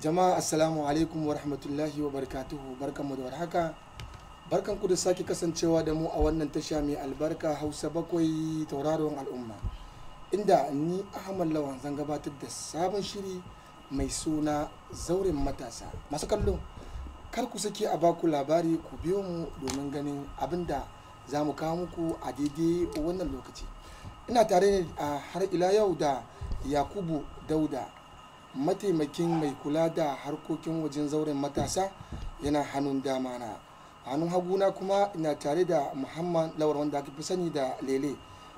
jama'a assalamu alaikum wa rahmatullahi wa barkatuhu barkanmu da warhaka barkan ku da sake kasancewa da mu a wannan tasha mai albarka hausa bakwai tauraron al'umma inda ni ahmad lawan zan gabatar da sabon shiri mai suna zauren matasa masu kallo kar ku sake a baku labari ku biyo mu domin ganin abin da za mu kawo muku a daidai wannan lokaci ina tare ne a har ila yau da yakubu dauda mataimakin mai kula da harkokin wajen zauren matasa yana hannun dama na hannun haguna kuma ina tare da muhammad lawar wanda aka fi sani da lele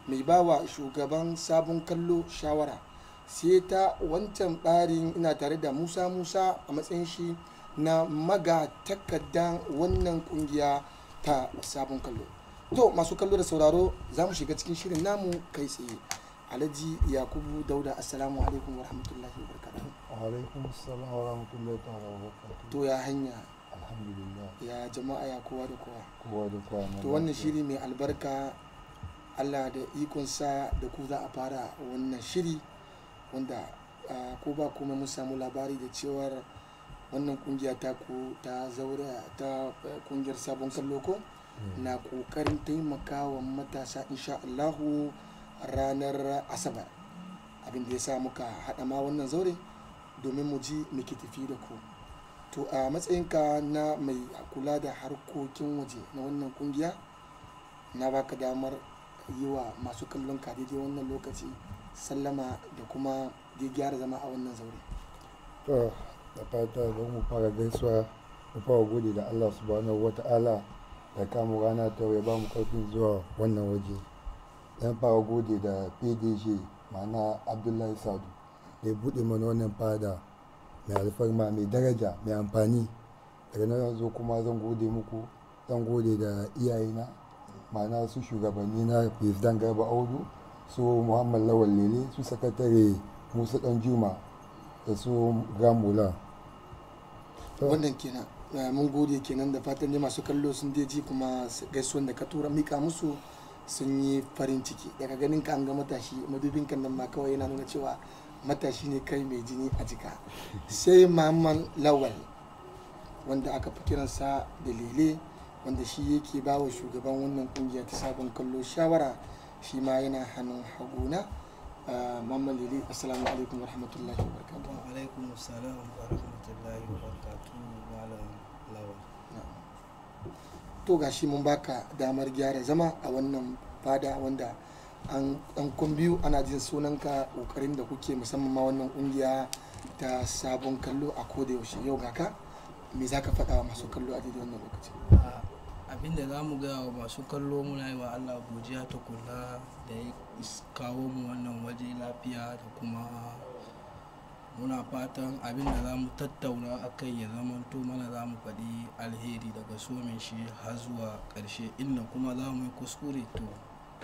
mai bawa shugaban sabon kallo shawara sai ta wancan tsarin ina tare da musa musa a matsayin shi na maga takaddan wannan kungiya ta sabon kallo to masu kallo da sauraro za mu shiga cikin shirin namu kai tsaye alhaji yakubu dauda assalamu alaikum wa rahmatullahi wa barakatu. alaikum assalamu wa rahmatullahi wa barakatu. to ya hanya alhamdulillah ya jama'a ya kowa da kowa kowa da kowa to wannan shiri mai albarka allah da ikon sa da ku za a fara wannan shiri wanda ko ba kuma mun samu labari da cewar wannan kungiya ta ku ta zaura ta e, kungiyar sabon kallo ko mm. na kokarin taimakawa matasa insha allahu ranar asabar abin da ya sa muka haɗa ma wannan zaure domin mu ji muke tafi da ku to a matsayinka na mai kula da harkokin waje na wannan kungiya na baka damar yi wa masu kallon ka daidai wannan lokaci sallama da kuma da gyara zama a wannan zaure to da fata zan mu fara gaisuwa mu fara gode da allah subhanahu wata'ala da kama rana ta ya ba mu karfin zuwa wannan waje yan fara gode da pdg ma'ana abdullahi sadu da ya buɗe mana wannan fada mai alfarma mai daraja mai amfani daga nan zo kuma zan gode muku zan gode da iyayena ma'ana su shugabanni na fesdan garba audu su muhammad lawal lele su sakatare musa dan juma da su gamula wannan kenan eh, mun gode kenan da fatan jama masu kallo sun je ji kuma gaisuwan da ka tura mika musu sun yi farin ciki daga ganin ka an ga matashi madubin kan nan ma kawai yana nuna cewa matashi ne kai mai jini a jika sai maman lawal wanda aka fi kiransa da lele wanda shi yake ba wa shugaban wannan kungiya ta sabon kallo shawara shi ma yana hannun haguna ah, mamman lele assalamu alaikum wa alaikum to gashi mun baka damar gyara zama a wannan fada wanda an kun biyu ana jin sunanka kokarin da kuke musamman ma wannan kungiya ta sabon kallo a koda yaushe yau ga ka me za ka faɗa wa masu kallo a daidai wannan lokaci ah, abin da za mu gaya wa masu kallo muna yi wa allah godiya ta kula da ya kawo mu wannan waje lafiya da kuma muna fatan abin da za mu tattauna akai ya zamanto mana za mu faɗi alheri daga somin shi har zuwa ƙarshe inda kuma za mu yi kuskure to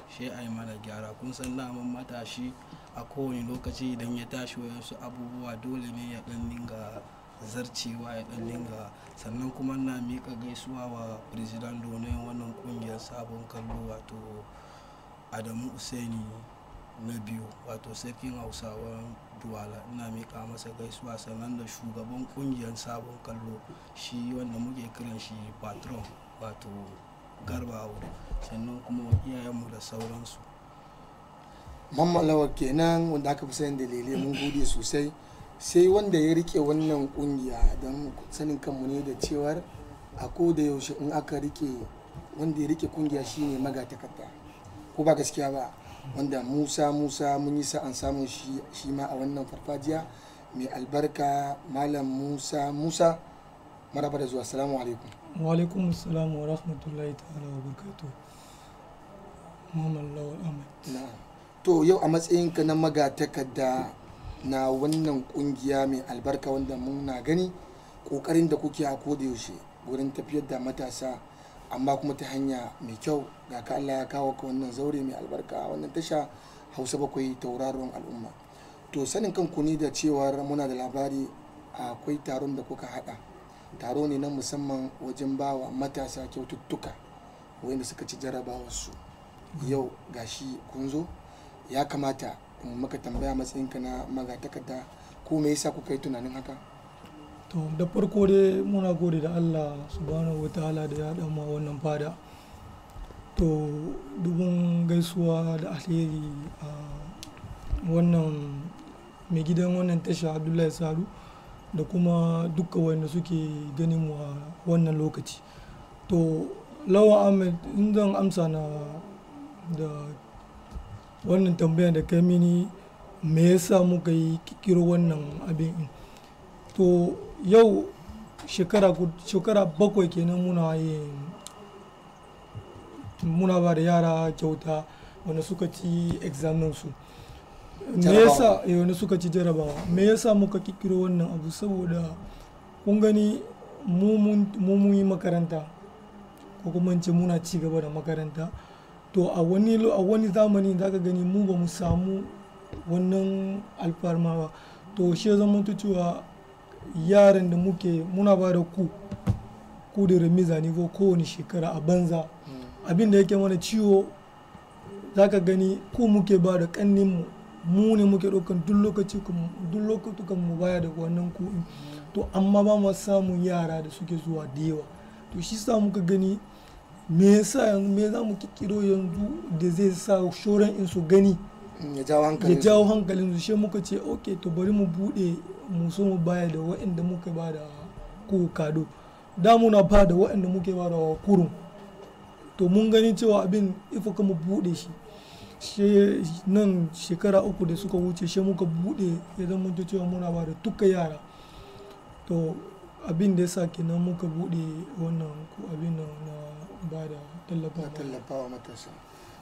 shi a yi mana gyara kun san daman matashi a kowane lokaci idan ya tashi wasu abubuwa dole ne ya ɗan dinga zarcewa ya ɗan dinga sannan kuma na miƙa gaisuwa wa president domin wannan ƙungiyar sabon kallo wato adamu usaini na biyu wato sarkin hausawa duwala ina miƙa masa gaisuwa sannan da shugaban kungiyar sabon kallo shi wanda muke kiran shi patron wato garbawo sannan kuma iyayenmu da sauransu mammalawa kenan wanda aka fi sanin dalilai mun gode sosai sai wanda ya rike wannan kungiya don sanin kanmu ne da cewar a da yaushe in aka rike wanda ya rike kungiya shine magatakarda ko ba gaskiya ba wanda musa musa mun yi sa'an samun shi ma a wannan farfajiya mai albarka malam musa musa maraba da zuwa salamu alaikum wa salamu wa rahmatullahi ta'ala wa barkatu muhammad lawal ahmad to yau a matsayinka na magatakarda na wannan kungiya mai albarka wanda muna gani kokarin da kuke a koda yaushe wurin tafiyar da matasa amma kuma ta hanya mai kyau ga ka Allah ya kawo ka wannan zaure mai albarka wannan tasha hausa bakwai tauraron al'umma to sanin kanku ni da cewar muna da labari akwai taron da kuka hada taro ne na musamman wajen bawa matasa kyaututtuka wanda suka ci su yau gashi kun zo ya kamata in maka tambaya matsayinka na magatakarda ko me yasa kuka yi tunanin haka to da farko dai muna gode da allah subhanahu wataala da ya dama wannan fada to dubun gaisuwa da alheri a wannan mai gidan wannan tasha abdullahi saru da kuma duka wanda suke ganin mu a wannan lokaci to lawa ahmed in zan amsa na da wannan tambayar da kai mini me yasa muka yi kikiro wannan abin in. to yau shekara bakwai kenan muna yi muna ba da yara kyauta wanda suka ci examin su me yasa eh, suka ci jarabawa me yasa muka kikiro wannan abu saboda kun gani mu yi makaranta ko kuma ce muna ci gaba da makaranta to a wani zamani za ka gani mu ba mu samu wannan alfarma ba to shi zama cewa yaran da muke muna ba da ku ku da remis nivo kowane shekara a banza abinda da yake mana ciwo za ka gani ku muke ba da kanninmu mu ne muke ɗaukan duk lokaci duk lokutukan mu baya da wannan ku to amma ba mu samun yara da suke zuwa da yawa to shi sa muka gani me yasa yanzu me za mu kikiro yanzu da zai sa shoran in su gani ya jawo hankalin su shi muka ce ok to bari mu bude. musu mu baya da waɗanda muke ba da kado da muna ba da waɗanda muke ba da kurun to mun gani cewa abin ifa kuma bude shi nan shekara uku da suka wuce she muka bude ya zama cewa muna ba da duka yara to abin da ya sa kenan muka bude wannan abin na ba da tallafawa matasa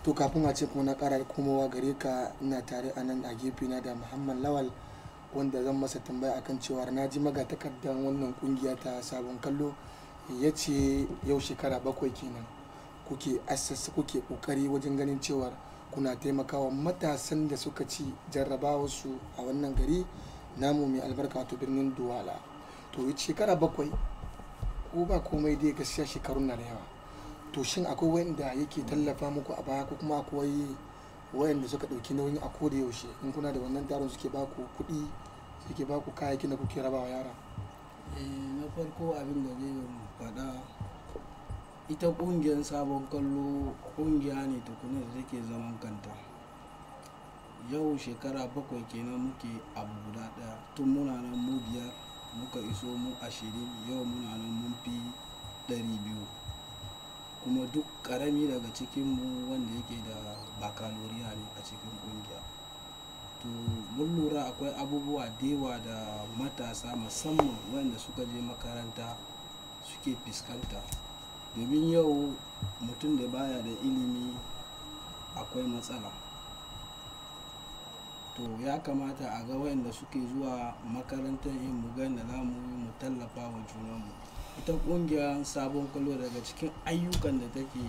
to kafin a ce kuma na ƙara komowa gare ka na tare a nan a gefe na da muhammad lawal wanda zan masa tambaya akan cewa na ji takardar wannan kungiya ta sabon kallo ya ce yau shekara bakwai kenan kuke assasa kuke kokari wajen ganin cewar kuna taimakawa matasan da suka ci su a wannan gari namu mai albarka to birnin duwala to shekara bakwai ko ba komai dai gaskiya shekarun na da yawa to shin akwai wanda yake tallafa muku a baya ko kuma akwai wayanda suka ɗauki nauyin a koda yaushe in kuna da wannan taron suke baku kuɗi yake ba ku kayakin da kuke rabawa yara eh, na farko abin da zai faɗa ita ƙungiyar sabon kallo ƙungiya ne tukuna da take zaman kanta yau shekara bakwai kenan muke abu guda ɗaya tun muna nan mu biyar muka iso mu ashirin yau muna nan mun fi ɗari biyu kuma duk ƙarami daga cikinmu wanda yake da bakaloriya ne a cikin ƙungiya to mun lura akwai abubuwa da yawa da matasa musamman wanda suka je makaranta suke fuskanta domin yau mutum da baya da ilimi akwai matsala to ya kamata a ga wayanda suke zuwa makarantar yin mugan da za mu yi mu tallafa wa junanmu ita kungiyar sabon kwallo daga cikin ayyukan da take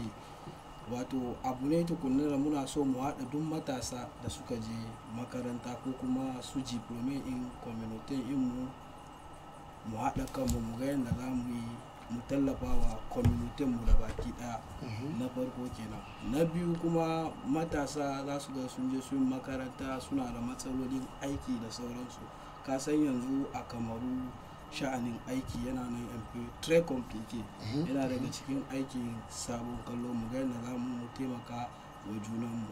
wato abu ne tukunin da muna so mu haɗa duk matasa da suka je makaranta ko kuma su diplome in community in mu mu haɗa kanmu mu ga yadda za mu yi mu tallafa wa kwamitin mu da baki ɗaya mhm. na farko kenan na biyu kuma matasa za su ga sun je sun makaranta suna da matsalolin aiki da sauransu ka san yanzu a kamaru sha'anin aiki yana nan tre complicated mhm. yana daga cikin aikin sabon kallo mu ga yadda za mu taimaka wa junanmu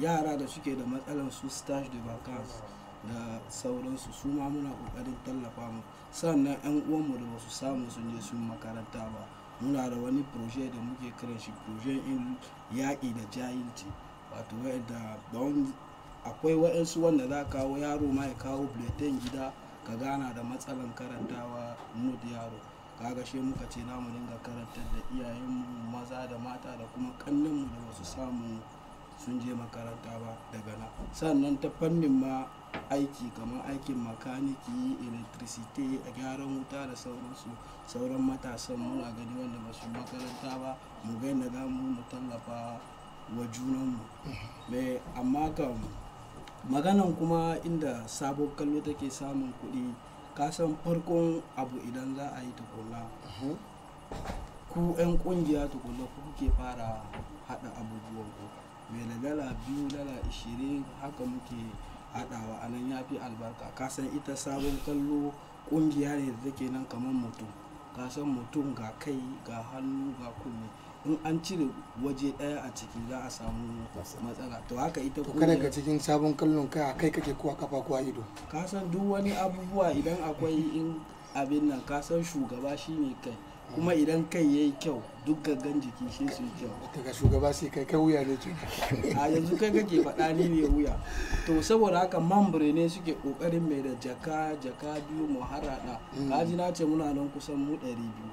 yara da suke da matsalan su stage de vacance da sauransu su ma muna kokarin tallafa mu sannan yan mu da wasu samu sun je sun makaranta ba muna da wani proje da muke kiran shi proje in yaƙi da jahilci wato da akwai wa'yansu wanda za kawo yaro ma ya kawo bulletin gida ka gana da matsalan karantawa nud yaro kaga shi muka ce namu mu dinga karantar da iyayenmu maza da mata da kuma kanninmu da wasu samu sun je makaranta ba daga nan sannan ta fannin ma aiki kamar aikin makaniki electricity a gyaran wuta da sauransu sauran matasan muna gani wanda ba su makaranta ba mu gaina za mu tallafa wa junanmu mm-hmm. amma kam maganan kuma inda sabon kallo take samun kuɗi kasan farkon abu idan za a yi tukula ku 'yan kungiya tukula kuke fara haɗa abubuwan ku mai da dala biyu dala ishirin haka muke haɗawa a nan ya fi albarka kasan ita sabon kallo kungiya ne da take nan kamar mutum kasan mutum ga kai ga hannu ga kunne in an cire waje daya a ciki za a samu matsala to haka ita ko kada ka cikin sabon kallon kai kai kake kuwa kafa kuwa ido ka san duk wani abubuwa idan akwai in abin nan ka san shugaba shine kai kuma idan kai yayi kyau duk gaggan jiki shi su yi kyau daga shugaba sai kai kai wuya ne a yanzu kai kake faɗa ni ne wuya to saboda haka mambure ne suke kokarin mai da jaka jaka biyu mu harada mm. kaji na ce muna nan kusan mu ɗari biyu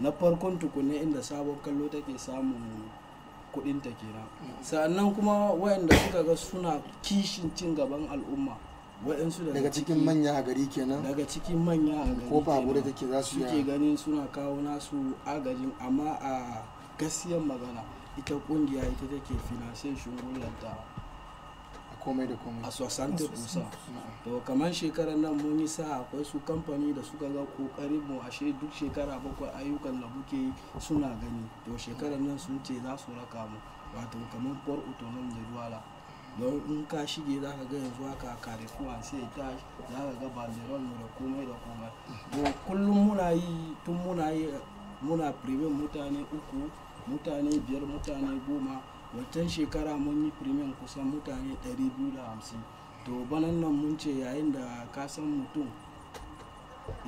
na farkon tukunne inda sabon kallo take samun kuɗin ta kira mm. sannan kuma wayanda suka ga suna kishin cin gaban al'umma daga cikin manya a gari kenan daga cikin manya a gari ko babura take za su ke ganin suna kawo nasu agajin amma a gaskiyar magana ita kungiya ita take finansiyan shungullanta a komai da komai a sosantar kusa to kamar shekarar nan mun yi sa akwai su kamfani da suka ga kokarin mu ashe duk shekara bakwai ayyukan da muke suna gani to shekarar nan sun ce za su raka mu wato kamar kwar utonon da ruwala don in ka shige za ka ga yanzu haka kare kuwa sai ta za ka ga banderol mu da komai da komai to kullum muna yi tun muna yi muna premium mutane uku mutane biyar mutane goma wancan shekara mun yi premium kusan mutane hamsin to banan nan mun ce yayin da ka san mutum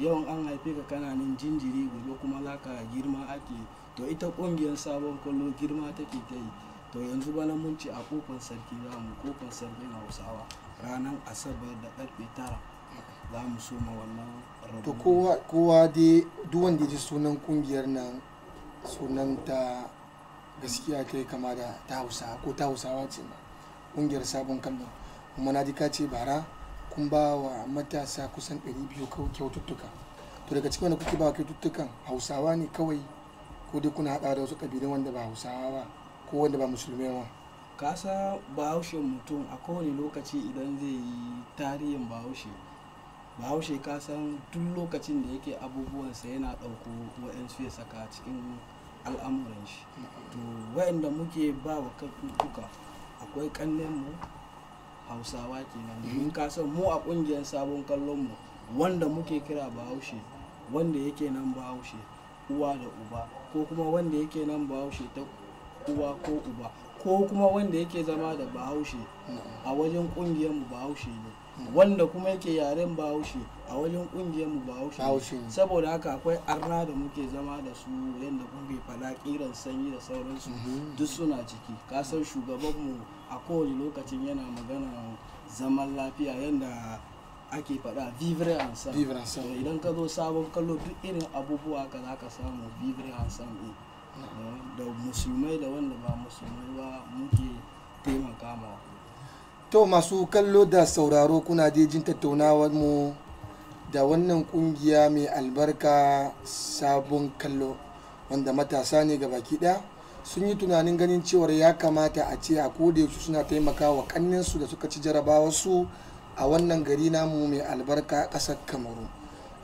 yawan an haife ka kananin jinjiri gobe kuma za ka girma ake to ita ƙungiyar sabon kwallo girma take ta yi to yanzu bana mun ce a kofin sarki za mu kofin sarkin hausawa ranar asabar da karfe tara za mu soma wannan rabu to kowa dai duk wanda ya ji sunan kungiyar nan sunan ta gaskiya kai kama da ta hausawa ko ta hausawa ce ma kungiyar sabon kallo kuma na ji ka ce bara kun ba wa matasa kusan 200 kyaututtuka to daga cikin wanda kuke ba kyaututtukan hausawa ne kawai ko dai kuna haɗa da wasu ƙabilun wanda ba hausawa ba ko wanda ba musulmi ba kasa bahaushe mutum a kowane lokaci idan zai yi tarihin bahaushe bahaushe kasan duk lokacin da yake abubuwansa yana ɗauko waɗansu ya saka cikin al'amuran shi to waɗanda muke ba wa kuka akwai mu hausawa kenan domin kasan mu a ƙungiyar sabon kallon mu wanda muke kira bahaushe wanda yake nan bahaushe uwa da uba ko kuma wanda yake nan bahaushe ta uwa ko uba ko kuma wanda yake zama da bahaushe a wajen kungiyar mu bahaushe ne wanda kuma yake yaren bahaushe a wajen kungiyar mu bahaushe saboda haka akwai arna da muke zama da su yadda kuke fada kiran sanyi da sauransu mm-hmm. duk suna ciki kasar shugaban mu a kowane lokacin yana magana zaman lafiya yadda ake faɗa vivre ensemble idan ka zo sabon kallo duk irin abubuwa ka za ka samu vivre ensemble da musulmai da wanda ba musulmai ba muke taimaka ma to masu kallo da sauraro kuna jin tattaunawar mu da wannan kungiya mai albarka sabon kallo wanda matasa ne gaba ɗaya sun yi tunanin ganin cewar ya kamata a ce a yaushe suna taimakawa kanninsu da suka ci jarabawarsu a wannan gari namu mai albarka ƙasar kamaru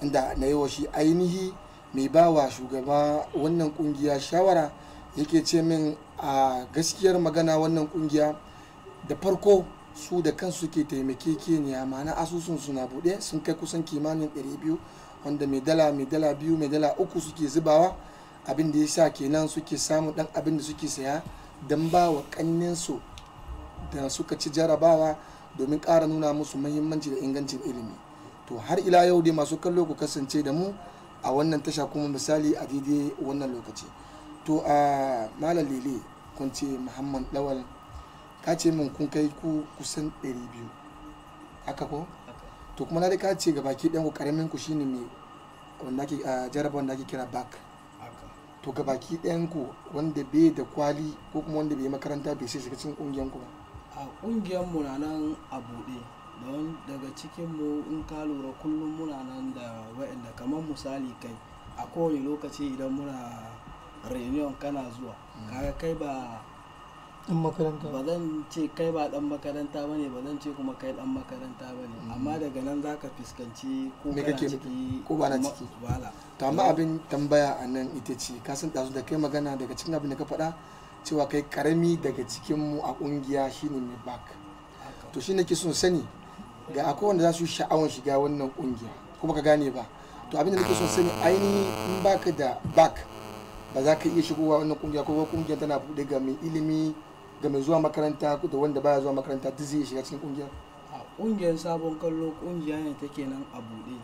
inda na yi wa shi ainihi mai bawa shugaba wannan kungiya shawara yake ce min a gaskiyar magana wannan kungiya da farko su da kansu ke taimake keniya ma'ana asusun suna buɗe sun kai kusan kimanin 200 wanda mai dala mai dala biyu mai dala uku suke zubawa abin da ya sa kenan suke samu dan abin da suke saya don ba wa kanninsu da suka ci jarabawa domin ƙara nuna musu muhimmanci da ingancin ilimi to har ila yau dai masu kallo ku kasance da mu a wannan tasha kuma misali a daidai wannan lokaci to a malam lele kun ce muhammad lawal ka ce min kun kai ku kusan 200 haka ko to kuma na da ka ce ga baki ɗan ku karamin ku shine mai wanda ke jaraba wanda ake kira back to ga baki ɗayan ku wanda bai da kwali ko kuma wanda bai makaranta bai sai shiga cikin ƙungiyar ku ba a ƙungiyar mu na nan a buɗe don daga cikinmu in ka lura kullum muna nan da wa'anda kamar misali kai a kowane lokaci idan muna reunion kana zuwa hmm. kaga kai ba dan makaranta ba zan ce kai ba dan makaranta ba ne ba zan ce kuma kai dan makaranta ba ne hmm. amma daga nan za ka fuskanci ko kana ciki ko ba na ciki to amma abin tambaya a nan ita ce ka san dazu da kai magana daga cikin abin da ka faɗa cewa kai karami daga cikin mu a kungiya shine mai bak to shine ke son sani ga akwai wanda za su sha'awan shiga wannan kungiya kuma ka gane ba to abinda nake so sani ainihi in baka da back ba za ka iya shigowa wannan kungiya ko kuma kungiyar tana buɗe ga mai ilimi ga mai zuwa makaranta da wanda baya zuwa makaranta duk zai shiga cikin kungiyar a kungiyar sabon kallo kungiya ne take nan a buɗe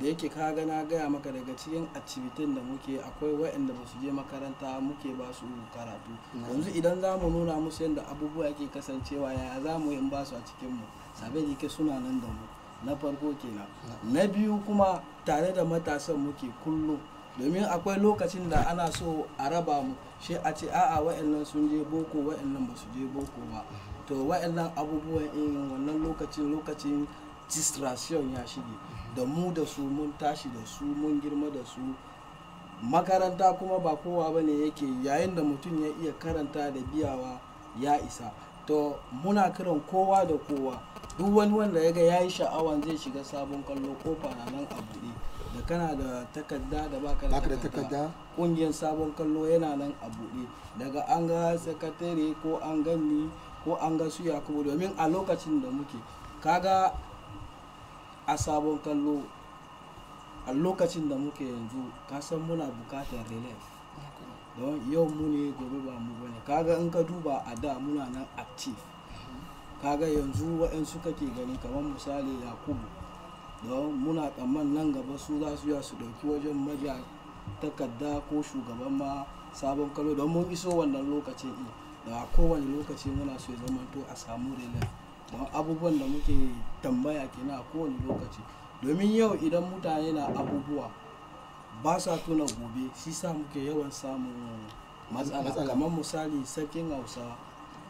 da yake ka ga na gaya maka daga cikin activities da muke akwai waɗanda ba su je makaranta muke ba su karatu yanzu idan za mu nuna musu yadda abubuwa yake kasancewa yaya za mu yi in ba su a cikin mu sabe da yake suna nan da mu na farko kenan na biyu kuma tare da matasan muke kullum domin akwai lokacin da ana so a raba mu shi a ce a'a wa'annan sun je boko wa'annan ba su je boko ba to wa'annan abubuwan in wannan lokacin lokacin distraction ya shige da mu da su mun tashi da su mun girma da su makaranta kuma ba kowa ba yake yayin da mutum ya iya karanta da biyawa ya isa to muna kiran kowa da kowa duk wani wanda ya ga ya yi sha'awan zai shiga sabon kallo ko fananan a buɗe da kana da takarda da baka da takarda ƙungiyar sabon kallo yana nan a buɗe daga an ga sakatare ko an ganni ko an ga su yakubu domin a lokacin da muke kaga a sabon kallo a lokacin da muke yanzu kasan muna bukatar relief don yau mu ne gobe ba mu bane kaga in ka duba a da muna nan active kaga yanzu waɗansu kake gani kamar misali yakubu don muna tsamman nan gaba su za su su ɗauki wajen maja takarda ko shugaban ma sabon kalo don mun iso wannan lokacin ɗin da a kowane lokaci muna so ya zamanto a samu rela don abubuwan da muke tambaya kina a kowane lokaci domin yau idan mutane na abubuwa ba sa tuna gobe shi sa muke yawan samun matsala kamar misali sarkin hausa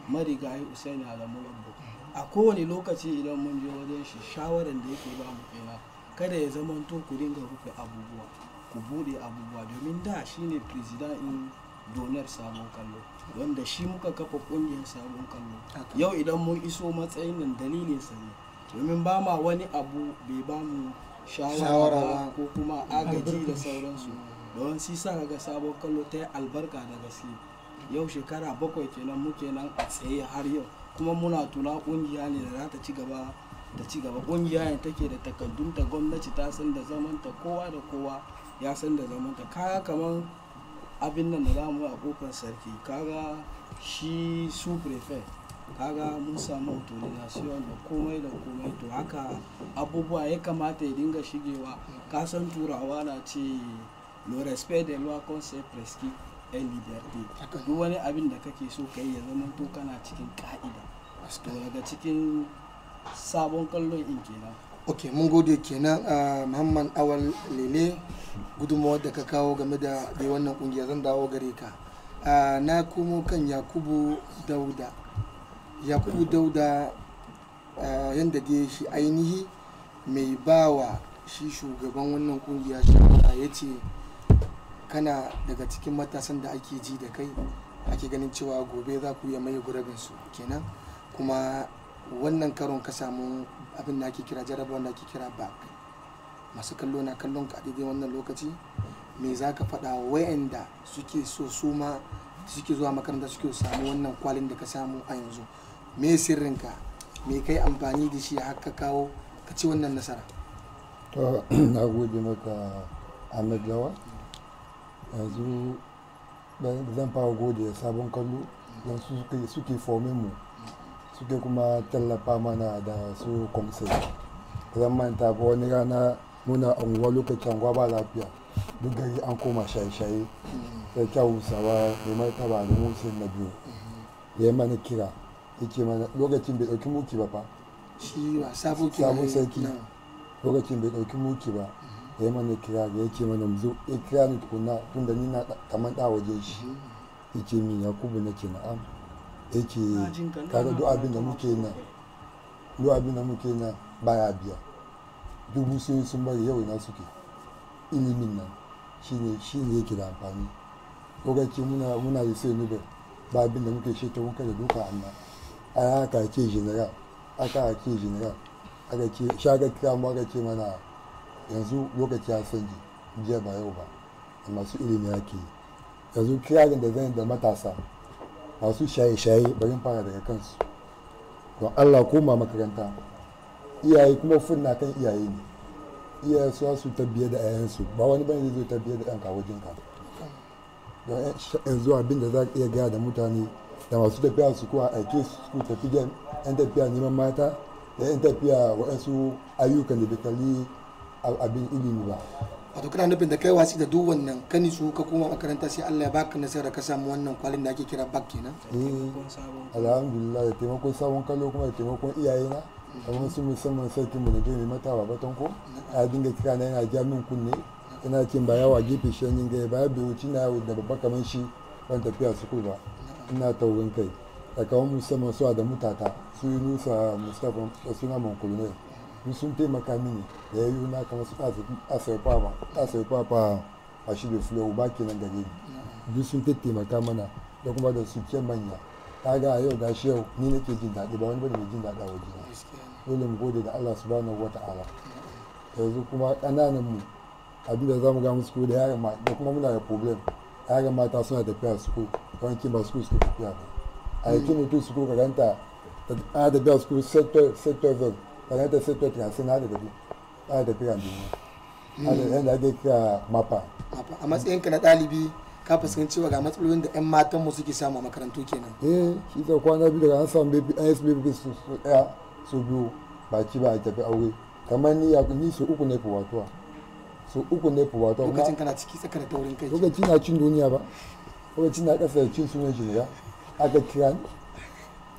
marigayi usaini alamu rabbu a kowane lokaci idan mun je wajen shi shawaran da yake ba mu kenan kada ya zama zamanto ku dinga rufe abubuwa ku bude abubuwa domin da shine president in donar sabon kallo wanda shi muka kafa kungiyar sabon kallo yau idan mun iso matsayin nan dalilin sa ne domin ba ma wani abu bai ba mu shawara ba ko kuma agaji da sauransu don si sa ga sabon kallo ta yi albarka da gaske yau shekara bakwai kenan muke nan a tsaye har yau kuma muna tuna kungiya ne da za ta ci gaba da ci gaba kungiya ne take da takaddun ta gwamnati ta san da zamanta kowa da kowa ya san da zamanta kaya kamar abin nan da za mu yi a kofar sarki kaga shi su prefect kaga mun samu autorization da komai da komai to haka abubuwa ya kamata ya dinga shigewa kasan turawa na ce le respect des lois conseil prescrit et liberté duk wani abin da kake so ka yi ya zama to kana cikin ka'ida to daga cikin sabon kallon in kenan ok mun gode kenan a ah, muhammad awal lele gudunmawar da ka kawo game da wannan kungiya zan dawo gare ka ah, na komo kan yakubu dauda yakubu dauda eh, yadda dai shi ainihi mai bawa shi shugaban wannan kungiya shawara ya ce kana daga cikin matasan da ake ji da kai ake ganin cewa gobe za ku iya maye su kenan kuma wannan karon ka samu abin da ake kira jaraba wanda ake kira back masu kallo na kallon ka daidai wannan lokaci me za ka faɗa wayanda suke so su ma suke zuwa makaranta suke samu wannan kwalin da ka samu a yanzu me sirrinka me kai amfani da shi ka kawo ka ci wannan nasara to na gode maka ahmed lawa yanzu zan fara gode sabon kallo don suke suke mu suke kuma tallafa mana da su kwamsai zan manta ba wani rana muna unguwa lokacin ba lafiya duk gari an koma shaye-shaye sai kyawun sawa mai martaba da musin na biyu ya mana kira yake mana lokacin bai ɗauki muki ba fa shi ba sabo sarki lokacin bai ɗauki muki ba mhm. ya yi mana kira ya yake mana zo ya kira ni tukuna tun da ni na kamar ɗa waje shi mhm. yake min yakubu na ke na'am yake kaga duk abin da muke na duk abin da muke na baya biya dubu sun sun bari yau na suke ilimin nan shine shine yake da amfani Lokacin muna muna da sai nubel ba abin da muke shi ta wanka da duka Allah aka ake general aka ake general aka ce shaga kira mu aka ce mana yanzu lokaci ya sanji jiya ba yau ba da masu ilimi ake yanzu kiyarin da zan da matasa masu shaye-shaye bari fara daga kansu don allah koma makaranta iyaye kuma na kan iyaye ne iyaye su su tabbiye da 'ya'yansu ba wani bane zai zo tabbiye da ɗanka wajen ka don yanzu abin da za ka iya gaya da mutane da masu tafiya su kuma aike su tafi yan tafiya neman mata da yan tafiya waɗansu ayyukan da bai kalli abin ilimi ba wato kana nufin da kai wasi da duk wannan ka su ka koma makaranta sai Allah ya baka nasara ka samu wannan kwalin da ake kira bak kenan eh alhamdulillah da taimakon sabon kallo kuma da taimakon iyayena kamar su musamman sarkin mu da gani mata ba baton ko a dinga kira na yana ja min kunne ina cin ba yawa gefe shi ne ga ba bai na na da babba kamar shi ban tafiya suku ba ina taurin kai a musamman su da mutata su yi nusa mustapha da suna mankulne in sun taimaka mini da ya yi na kama su asai papa a shi da flow ba ke nan gare ni duk sun taimaka mana da kuma da su ke manya kaga a yau ga shi yau ni nake jin daɗi ba wani bane mai jin daɗi a waje na dole mu gode da Allah subhanahu wata'ala yanzu kuma ƙananan mu abinda za mu ga musu ko da yaran ma da kuma muna da problem kaga mata suna tafiya su ko yawanci ba su suke tafiya ba a yi kini tu su ko karanta da biya su ko sector zone karanta sector tana sun hada da bu da tafiya a da yanda ake kira mapa a matsayin ka na dalibi ka fuskanci ga matsalolin da 'yan matan mu suke samu a makarantu kenan eh shi da kwana biyu daga an samu an yi bebi baby su ɗaya su biyu ba ci ba a tafi aure kamar ni ya ni su uku ne fi watuwa so uku ne fuwa wato lokacin kana ciki tsaka da taurin kai lokacin na cin duniya ba lokacin na kasa cin sunan shi ya aka kiran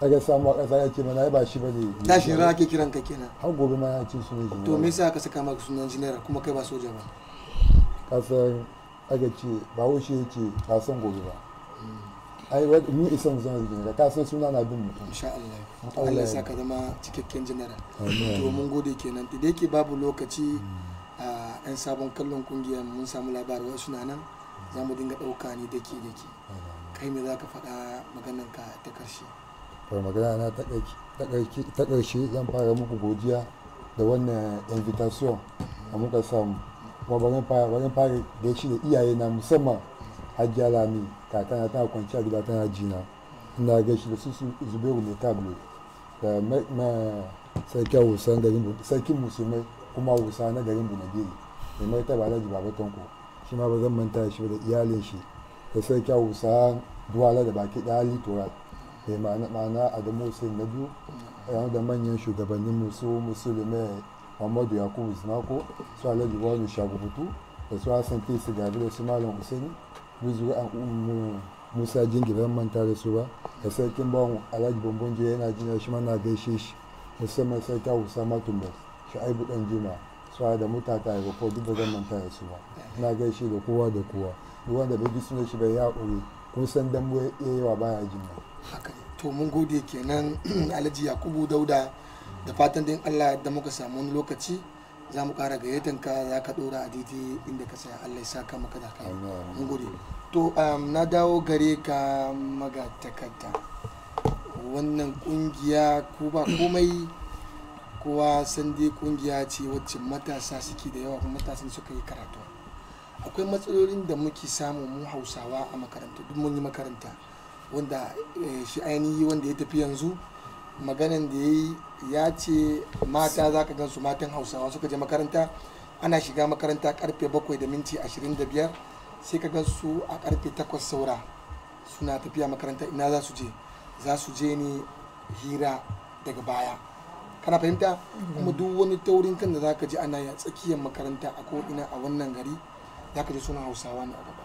aka samu a kasa ya ce mana ba shi ba ne da shi ra ake kiran ka kenan har gobe ma ya cin sunan shi to me yasa aka saka maka sunan jinera kuma kai ba soja ba kasar aka ce ba wuce ya ce ka san gobe ba hmm. ai mu isan zan jinera ka san suna na bin mutum insha Allah Allah ya saka zama cikakken jinera to mun gode kenan da yake babu lokaci hmm. a ah, 'yan sabon kallon kungiyar mun samu labarin wasu suna nan za mu dinga ɗauka ne daki daki kai me za ka faɗa maganan ka ta ƙarshe to magana na ta ƙarshe zan fara muku godiya da wannan invitation da muka samu kuma barin fara da shi da iyaye na musamman hajji lami kakana tana kwanci a gida tana jina ina gaishe da su su zubairu mai tablo da sarkin musulmai kuma wusa na garin bunagiri da mai ta ji baba tonko shi ma ba zan manta shi da iyalin shi da sai kyawu sa duwala da baki ali litoral mai eh, ma'ana ma'ana adamu hussein na biyu yana eh, da manyan shugabannin musu musulmi muhammadu yakubu zinako su alhaji wani shagubutu da su hassan kesi gabi da su malam hussein buzu an musa jingi ban manta da su ba da sarkin bawan alhaji bambon yana jina shi mana gaishe shi musamman sai ta husa matumbas shi aibu dan jima. sa da mutata ya ko duk da zan manta ya su ba na gaishe da kowa da kowa ruwan da bai bi sunan shi bai ya ƙuri kun san dan ya yi baya jin ba haka to mun gode kenan alhaji yakubu dauda da fatan din allah da muka samu wani lokaci za mu ƙara ka za ka ɗora a didi inda ka saya allah ya saka maka da kai mun gode to um, na dawo gare ka magatakarda wannan kungiya ko ba komai kowa san dai kungiya ce wacce matasa suke da yawa kuma matasan suka yi karatu akwai matsalolin da muke samu mu hausawa a makaranta duk mun yi makaranta wanda eh, shi ainihi wanda ya tafi yanzu maganan da ya yi ya ce mata za ka gansu matan hausawa suka je makaranta ana shiga makaranta karfe 7 da minti 25 sai ka gansu a karfe 8 saura suna tafiya makaranta ina za su je za su je ne hira daga baya kana fahimta kuma duk wani taurin kan da zaka ji ana ya tsakiyar makaranta a ko'ina a wannan gari zaka ji suna hausawa ne a gaba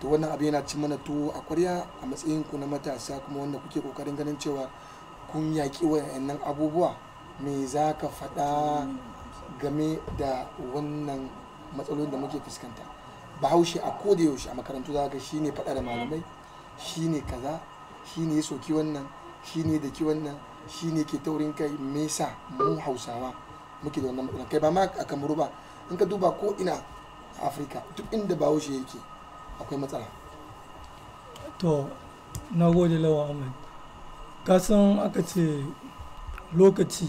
to wannan abu yana ci mana tuwo a kwarya a matsayin ku na matasa kuma wanda kuke kokarin ganin cewa kun yaƙi wayannan abubuwa me za ka faɗa game da wannan matsalolin da muke fuskanta bahaushe a koda yaushe a makarantu za ka shi ne faɗa da malamai shi ne kaza shi ne ya soki wannan shi ne da ki wannan shine ke taurin kai me yasa mu hausawa muke da wannan matsala kai ba ma a kamaru ba in ka duba ko ina a afirka duk inda ba waje yake akwai matsala to na gode lawa ahmed kasan aka ce lokaci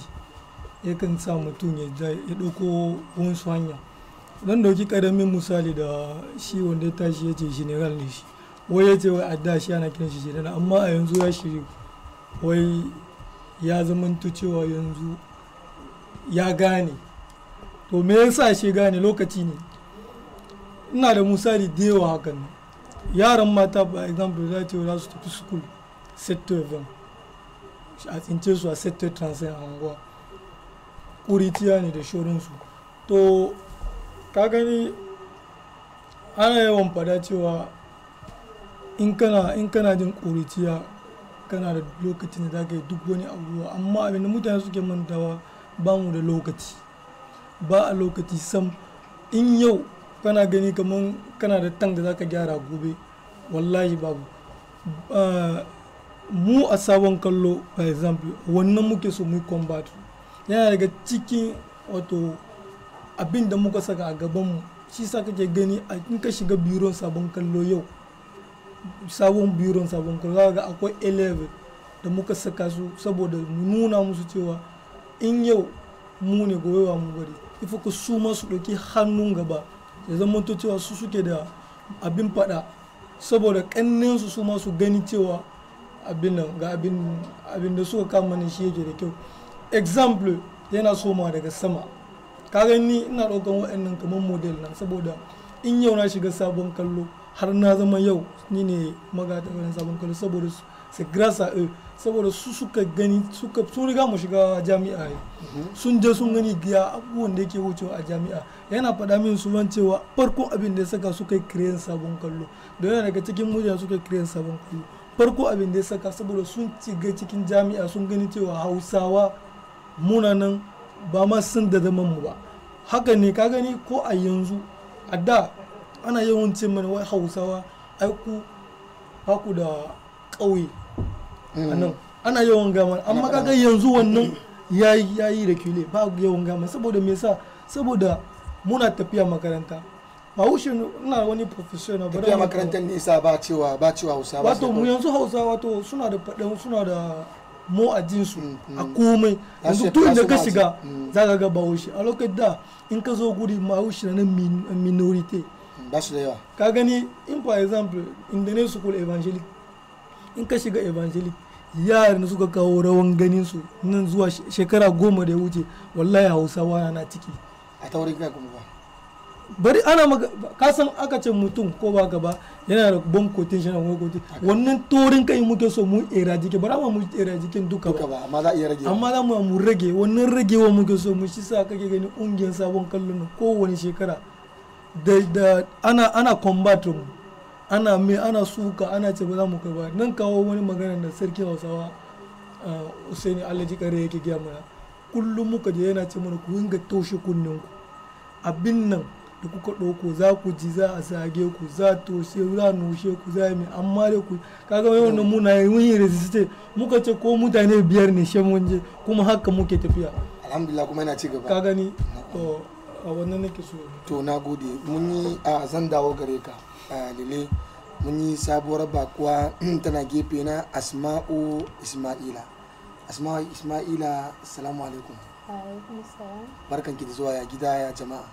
yakan sa mutum ya ɗauko wasu hanya don dauki karamin misali da shi wanda ya tashi ya ce general ne shi wai ya ce wai a da shi ana kiran shi dana amma a yanzu ya shiri wai ya zamanto cewa yanzu ya gane to me yasa shi gane lokaci ne ina da misali da yawa hakan yaran mata ba example za ta za su tafi school to event a tsince su a set to transfer a anguwa kuritiya ne da shorinsu to ka gani ana yawan fada cewa in kana jin kuritiya kana da lokacin da za ka yi duk wani abubuwa amma abinda mutane suke mantawa ba mu da lokaci ba a lokaci sam in yau kana gani kamar kana da tan da za ka gyara gobe wallahi babu ah, mu a sabon kallo for example wannan muke so mu yi combat yana daga cikin wato abin da muka saka a gaban mu shi sa kake gani in ka shiga biron sabon kallo yau sabon biron sabon kula ga akwai 11 da muka saka su saboda mu nuna musu cewa in yau mu ne gobewa mu gari ifa ku su ma su ɗauki hannun gaba da zama to cewa su suke da abin faɗa saboda kannin su su ma su gani cewa abin nan ga abin da suka kama ne shi yake da kyau example yana soma daga sama kaga ni ina ɗaukan waɗannan kamar model nan saboda in yau na shiga sabon kallo har na zama yau ni ne magatarin sabon kano saboda su grasa a eh, saboda su suka gani suka sun riga mu shiga jami'a eh. mhm. sun je sun gani giya abubuwan da yake wucewa a jami'a yana faɗa min su ban cewa farko abin da ya saka suka yi kiran sabon kallo da yana daga cikin mutane suka yi kiran sabon kallo farko abin da ya saka saboda sun shiga cikin jami'a sun gani cewa hausawa munanan ba ma sun da zaman mu ba haka ne ka gani ko a yanzu a da ana yawan ce mana wai hausawa aiku haku da ƙauye mm. ana yawan gama amma kaga yanzu wannan yayi yayi da kule ba yawan gama saboda me yasa saboda muna tafiya makaranta ba wuce ina wani professional ba tafiya makarantar nisa ba cewa ba cewa hausawa wato mu yanzu hausawa wato suna da faɗin suna da mo a jinsu mm, mm. a komai yanzu tun da ka shiga za ka ga ba wuce a lokacin da in ka zo guri ma wuce na minority ba su da yawa ka gani in for example in school evangelic in ka shiga evangelic yaran suka kawo rawan ganin su nan zuwa shekara goma da ya wuce wallahi hausawa na ciki a taurin kai kuma ba bari ana maka kasan aka ce mutum ko ba gaba yana da bon quotation and quotation wannan torin kai muke so mu eradike bara ma mu jikin duka ba amma za iya rage amma za mu mu rage wannan ragewa muke so mu shi sa kake gani ungiyar sabon kallon kowane shekara da ana ana combatin ana mai ana suka ana ce ba za mu kai ba nan kawo wani magana da sarki hausawa eh, usaini alhaji kare yake gaya mana kullum muka je yana ce mana ku ringa taushe kunnen ku abin nan da kuka ɗauko za ku ji za a sage ku za toshe za a nushe ku za a mai amma da ku kaga mai wannan muna yi mun yi resiste muka ce ko mutane biyar ne shan wanje kuma haka muke tafiya alhamdulillah kuma yana ci gaba ka gani to a wannan nake so to na gode mun yi a zan dawo gare ka lele mun yi sabuwar bakuwa tana gefe na asma'u isma'ila asma'u isma'ila assalamu alaikum barkan ki da zuwa ya gida ya jama'a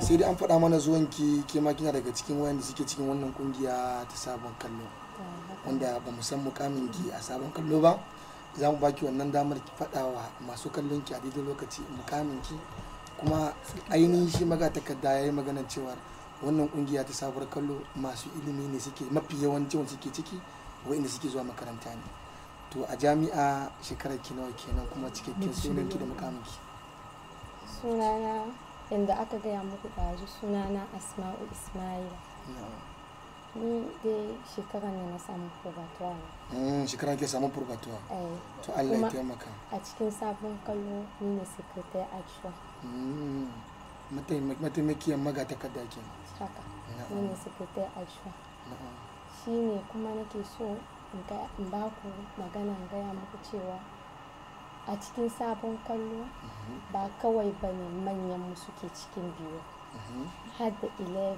sai dai an faɗa mana zuwan ki ke daga cikin wayanda suke cikin wannan kungiya ta sabon kallo wanda ba mu san mukamin ki a sabon kallo ba za mu baki wannan damar ki faɗa wa masu kallon ki a daidai lokaci mukamin ki kuma ainihin shi magatakarda ya yi maganar cewa wannan kungiya ta sabuwar kallo masu ilimi ne suke mafi wanda suke ciki wa'inda suke zuwa makaranta ne to a jami'a shekarar ki nawa kenan kuma cikakken sunan ki da mukaminki sunana inda aka gaya muku ɗazu sunana asma'u ismaila ni dai shekara ne na samun purgatoire mm, shekara ke samun purgatoire eh, to allah ya taimaka a cikin sabon kallo ni ne secretary action mm, mataimakiyar maga takarda ke haka ni ne secretary action shi ne kuma nake so in ba ku magana gaya muku cewa a cikin sabon kallo mm-hmm. ba kawai bane manyan mu suke cikin biyu mm-hmm. har da 11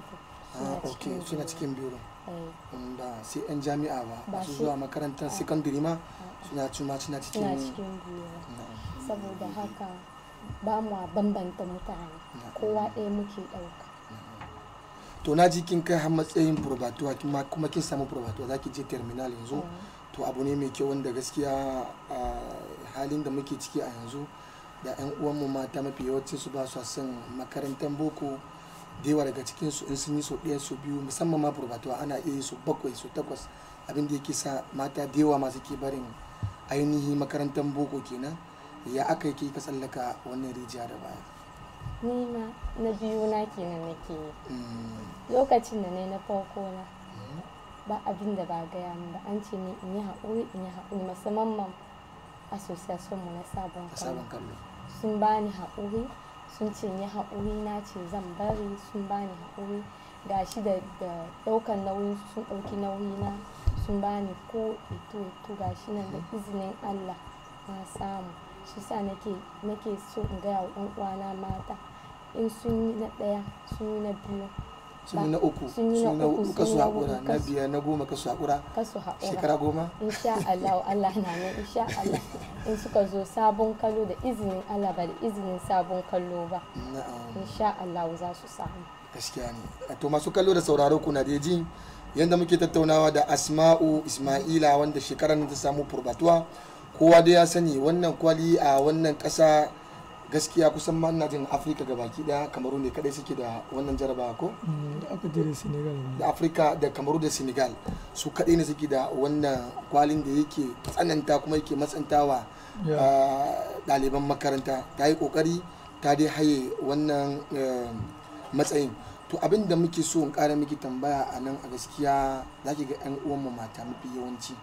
ah suna cikin biro eh. da sai yan jami'a ba su zuwa makarantar secondary ma ah, ah. suna cuma suna cikin biro saboda haka ba mu bambanta mutane kowa ɗaya muke ɗauka to na ji kin kai har matsayin probatuwa kuma kin samu probatuwa za ki je terminal yanzu ah. to abu ne mai kyau wanda gaskiya halin da muke ciki a yanzu da 'yan uwanmu mata mafi yawancinsu ba su son makarantar boko da yawa daga cikin su in sun yi sau ɗaya su biyu musamman ma furbatuwa ana iya yi su bakwai su takwas abin da yake sa mata da yawa masu ke barin ainihi makarantar boko kenan ya aka yi ka tsallaka wannan rijiya da baya ni ma na biyu na kenan ke yi hmm. lokacin da na na farko na hmm. ba abin da ba gaya min ba an ce ni in yi haƙuri in yi haƙuri musamman ma asosiyasonmu na sabon kallo sun bani haƙuri sun ce ni haƙuri na ce zan bari sun bani haƙuri gashi da ɗaukan nauyi sun ɗauki nauyina sun bani ko ito ito gashi nan da izinin allah na samu shi sa nake so in gaya wa uwana mata in sun yi na ɗaya sun yi na biyu sun yi na uku sun yi na uku kasu haƙura na biyar na goma kasu haƙura kasu haƙura shekara goma insha Allah Allah na nan insha Allah in suka zo sabon kallo da izinin Allah ba da izinin sabon kallo ba insha Allah za su samu gaskiya ne to masu kallo da sauraro kuna da ji yadda muke tattaunawa da Asma'u Ismaila wanda shekarar ta samu furbatuwa kowa da ya sani wannan kwali a wannan ƙasa gaskiya kusan ma ina jin afirka ga baki daya kamaru ne kadai suke da wannan jaraba ko mm, da afirka da kamaru da senegal su kadai ne suke da wannan kwalin da yake tsananta kuma yake matsantawa ah, ɗaliban makaranta ta yi kokari ta dai haye wannan eh, matsayin to abin da muke so in kara miki tambaya a nan a gaskiya za ki ga 'yan uwan mata mafi yawanci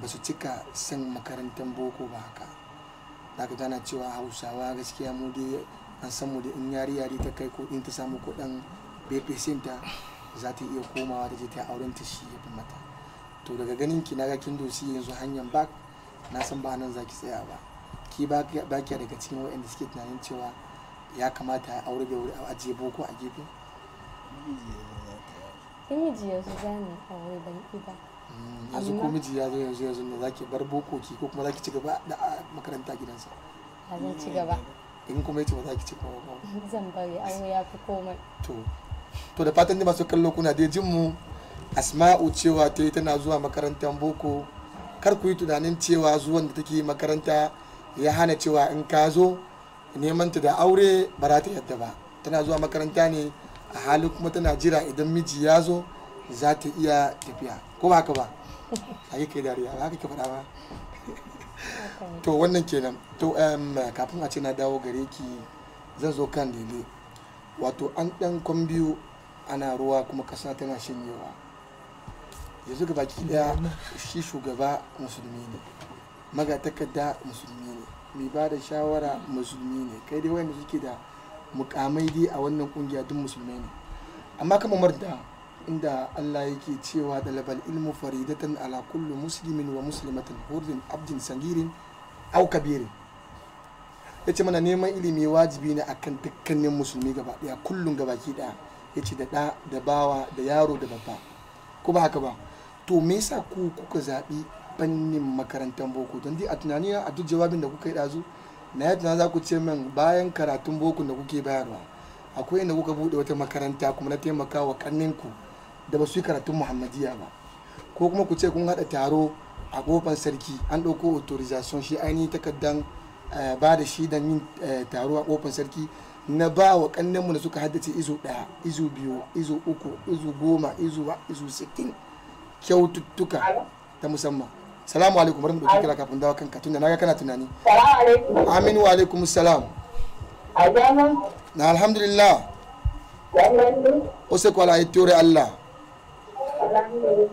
ba su cika san makarantar boko ba haka zaka gana cewa hausawa gaskiya mu dai an san mu da in yari yari ta kai ko in ta samu kuɗin bepesin ta za ta iya komawa da je ta auren ta shi ya fi mata to daga ganin ki naga kin dosi yanzu hanyar ba na san ba nan zaki tsaya ba ki ba ki daga cikin wa'anda suke tunanin cewa ya kamata a aure da wuri a ajiye boko a gefe? Miji yanzu za mu aure ban ba. yanzu ko miji ya zo yanzu yanzu na zaki bar bokoki ko kuma zaki ci gaba da makaranta gidansa a zan ci gaba in kuma yace ba zaki ci gaba ba zan bari aure ya fi komai to to da fatan ne masu kallo kuna dai jin mu asma'u cewa ta tana zuwa makarantar boko kar ku yi tunanin cewa zuwan da take makaranta ya hana cewa in ka zo neman ta da aure ba za ta yadda ba tana zuwa makaranta ne a hali kuma tana jira idan miji ya zo za ta iya tafiya ko ba haka ba a yi kai dariya ba haka ke faɗa ba to wannan kenan to kafin a ce na dawo gare ki zan zo kan lele wato an ɗan kwan ana ruwa kuma ƙasa tana shanyewa yanzu ga baki ɗaya shi shugaba musulmi ne magatakarda musulmi ne mai ba da shawara musulmi ne kai dai wanda suke da mukamai dai a wannan kungiya duk musulmai ne amma kamar da inda Allah yake cewa da labal ilmu faridatan ala kullu muslimin wa muslimatin hurdin abdin sangirin au kabirin ya ce mana neman ilimi wajibi ne akan dukkanin musulmi gaba daya kullum gabaki daya ya ce da da da bawa da yaro da babba ko ba haka ba to me yasa ku kuka zaɓi fannin makarantar boko don dai a tunaniya a duk jawabin da kuka yi ɗazu na ya tunanin za ku ce min bayan karatun boko da kuke bayarwa akwai inda kuka buɗe wata makaranta kuma na taimaka wa ku. da ba su yi karatun muhammadiyya ba ko kuma ku ce kun haɗa taro a kofar sarki an ɗauko autorization shi ainihin takardan eh, ba da shi don yin eh, taro a kofar sarki na ba wa kannenmu da suka haddace izu ɗaya izu biyu izu uku izu goma izu izu sittin kyaututtuka ta musamman salamu alaikum bari mu ɗauki kira kafin dawo kanka tunda naga kana tunani amin alaikum salam na alhamdulillah wasu se ko allah lăn đường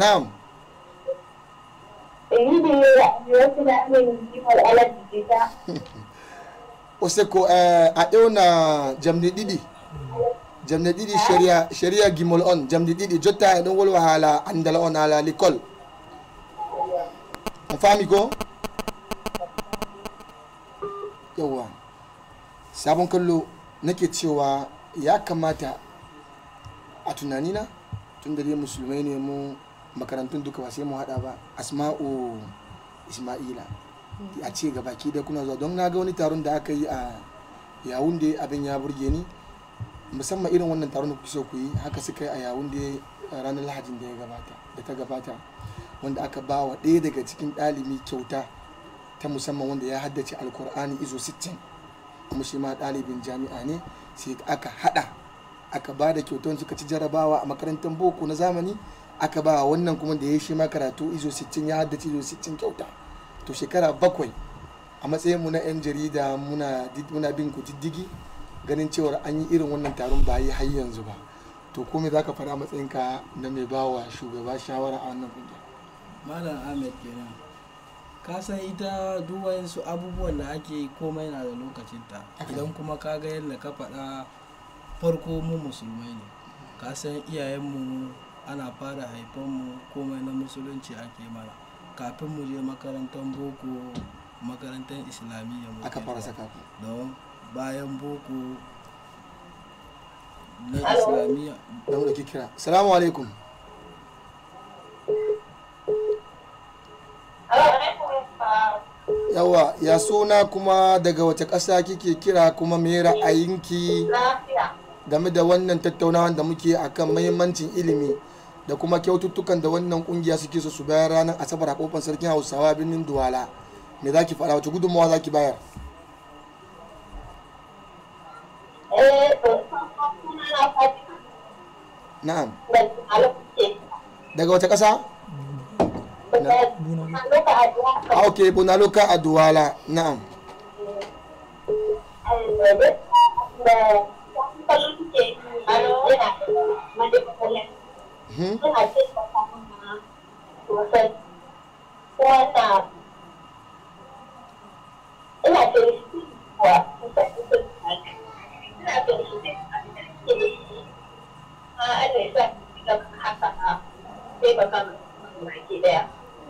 Naam. o se ko eh, a ƴewna jamɗe ɗiɗi jamɗe ɗiɗi sharia sharia gimol on jamɗe ɗiɗi jotta e ɗon wolwa haala andal on haala l'école on faami ko sabon kallo nake cewa ya kamata a tunanina tun da dai musulmai ne mu makarantun duka ba sai mu hada ba asma'u isma'ila a ce gaba ki da kuna zuwa don na ga wani taron da aka yi a yawun da abin ya burge ni musamman irin wannan taron da kuke ku yi haka suka yi a yawun da ranar lahadin da ya gabata da ta gabata wanda aka ba wa ɗaya daga cikin ɗalibi kyauta ta musamman wanda ya haddace alkur'ani izo sittin. kuma shi ma ɗalibin jami'a ne sai aka haɗa aka ba da kyautar suka ci jarabawa a makarantar boko na zamani aka ba wannan kuma da ya shi ma karatu izo 60 ya haddace izo 60 kyauta to shekara bakwai a matsayin mu na 'yan jarida muna bin ku diddigi ganin cewar an yi irin wannan taron ba yi har yanzu ba to ko me zaka fara matsayinka na mai bawa shugaba shawara a wannan kungiya malam ahmed kenan ka san ita duk wayansu abubuwan da ake komai na da lokacinta idan kuma ka ga yadda ka faɗa farko mu musulmai ne ka san iyayenmu ana fara haifanmu komai na musulunci ake mana kafin mu je makarantar boko makarantar islamiyya mu aka fara saka don bayan boko na islamiyya da da kira salamu alaikum yawa ya suna kuma daga wace ƙasa kike kira kuma mai ra'ayinki game da wannan tattaunawa da muke akan mahimmancin ilimi da kuma kyaututtukan da wannan kungiya suke so su bayar ranar asabar a kofar sarkin hausawa birnin duwala me za ki faɗa wace gudunmawa za ki bayar eh, na'am daga wace ƙasa Ah, ok, Bunaloka Aduala. Naam. na, sai daya.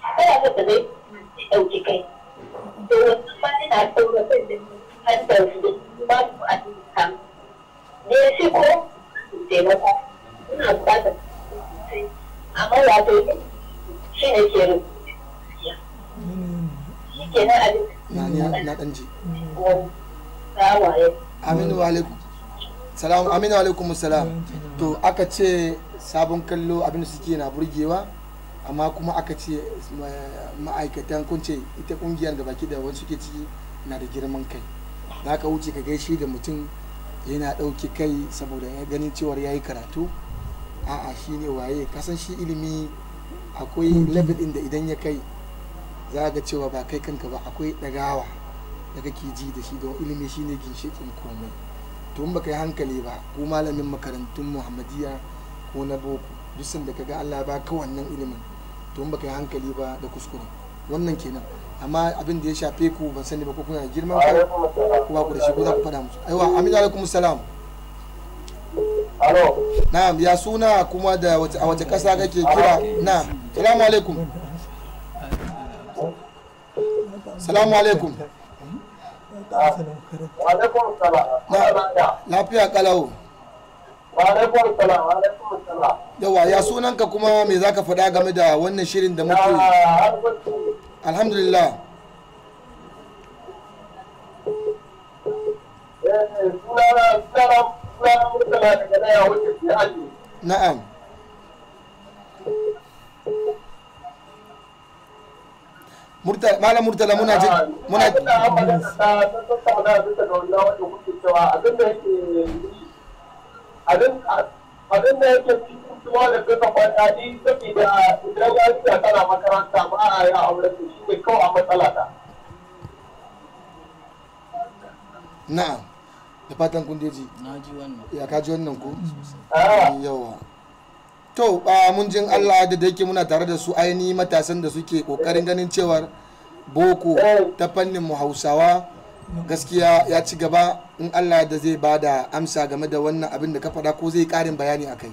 akwai abin da zai ɗauki kai to wasu ma yana tsoron da an da su ba su a duka ne shi ko su taimako suna buƙatar amma wato shi ne ke rubuta shi ke nan abin na ɗan ji aminu wa alaikum salam aminu alaikum salam to aka ce sabon kallo abin da suke na burgewa amma kuma aka ce eh, ma'aikatan kun ce ita kungiyar da baki da wani suke ciki na da girman kai za ka wuce ka gaishe da mutum yana ɗauki kai saboda ya ganin cewar ya yi karatu a'a shi ne waye kasan shi ilimi akwai level da idan ya kai za ga cewa ba kai kanka ba akwai ɗagawa da kake ji da shi don ilimi shi ne ginshiƙin komai to in baka yi hankali ba ko malamin makarantun muhammadiya ko na boko duk sanda ga Allah ba ka wannan ilimin to baka yi hankali ba da kuskure wannan kenan amma abin da ya shafe ku ban sani ba ko kuna girman ka ku ba ku da shi ko za ku faɗa musu aiwa amin alaikum salam na'am ya suna kuma da a wace ƙasa kake kira na salamu alaikum salamu alaikum lafiya kalau wa salam salam yawa ya sunanka kuma me za ka faɗa game da wannan shirin da muke ah, alhamdulillah eh, na'am malam murtala muna ji ah, muna abin da yake yi da yake fi kuma da duka faɗaɗi saboda idan lafiya tana makaranta ba a yi a aure su shi ne kawai a matsala ta. na Da fatan kun ji. wannan. Ya ka ji wannan ko? Ah. Yawa. To, mun jin Allah da da yake muna tare da su ainihin matasan da suke kokarin ganin cewar boko eh. ta fannin mu hausawa gaskiya ya ci gaba in Allah da zai bada amsa game da wannan abin da ka faɗa ko zai ƙarin bayani a kai.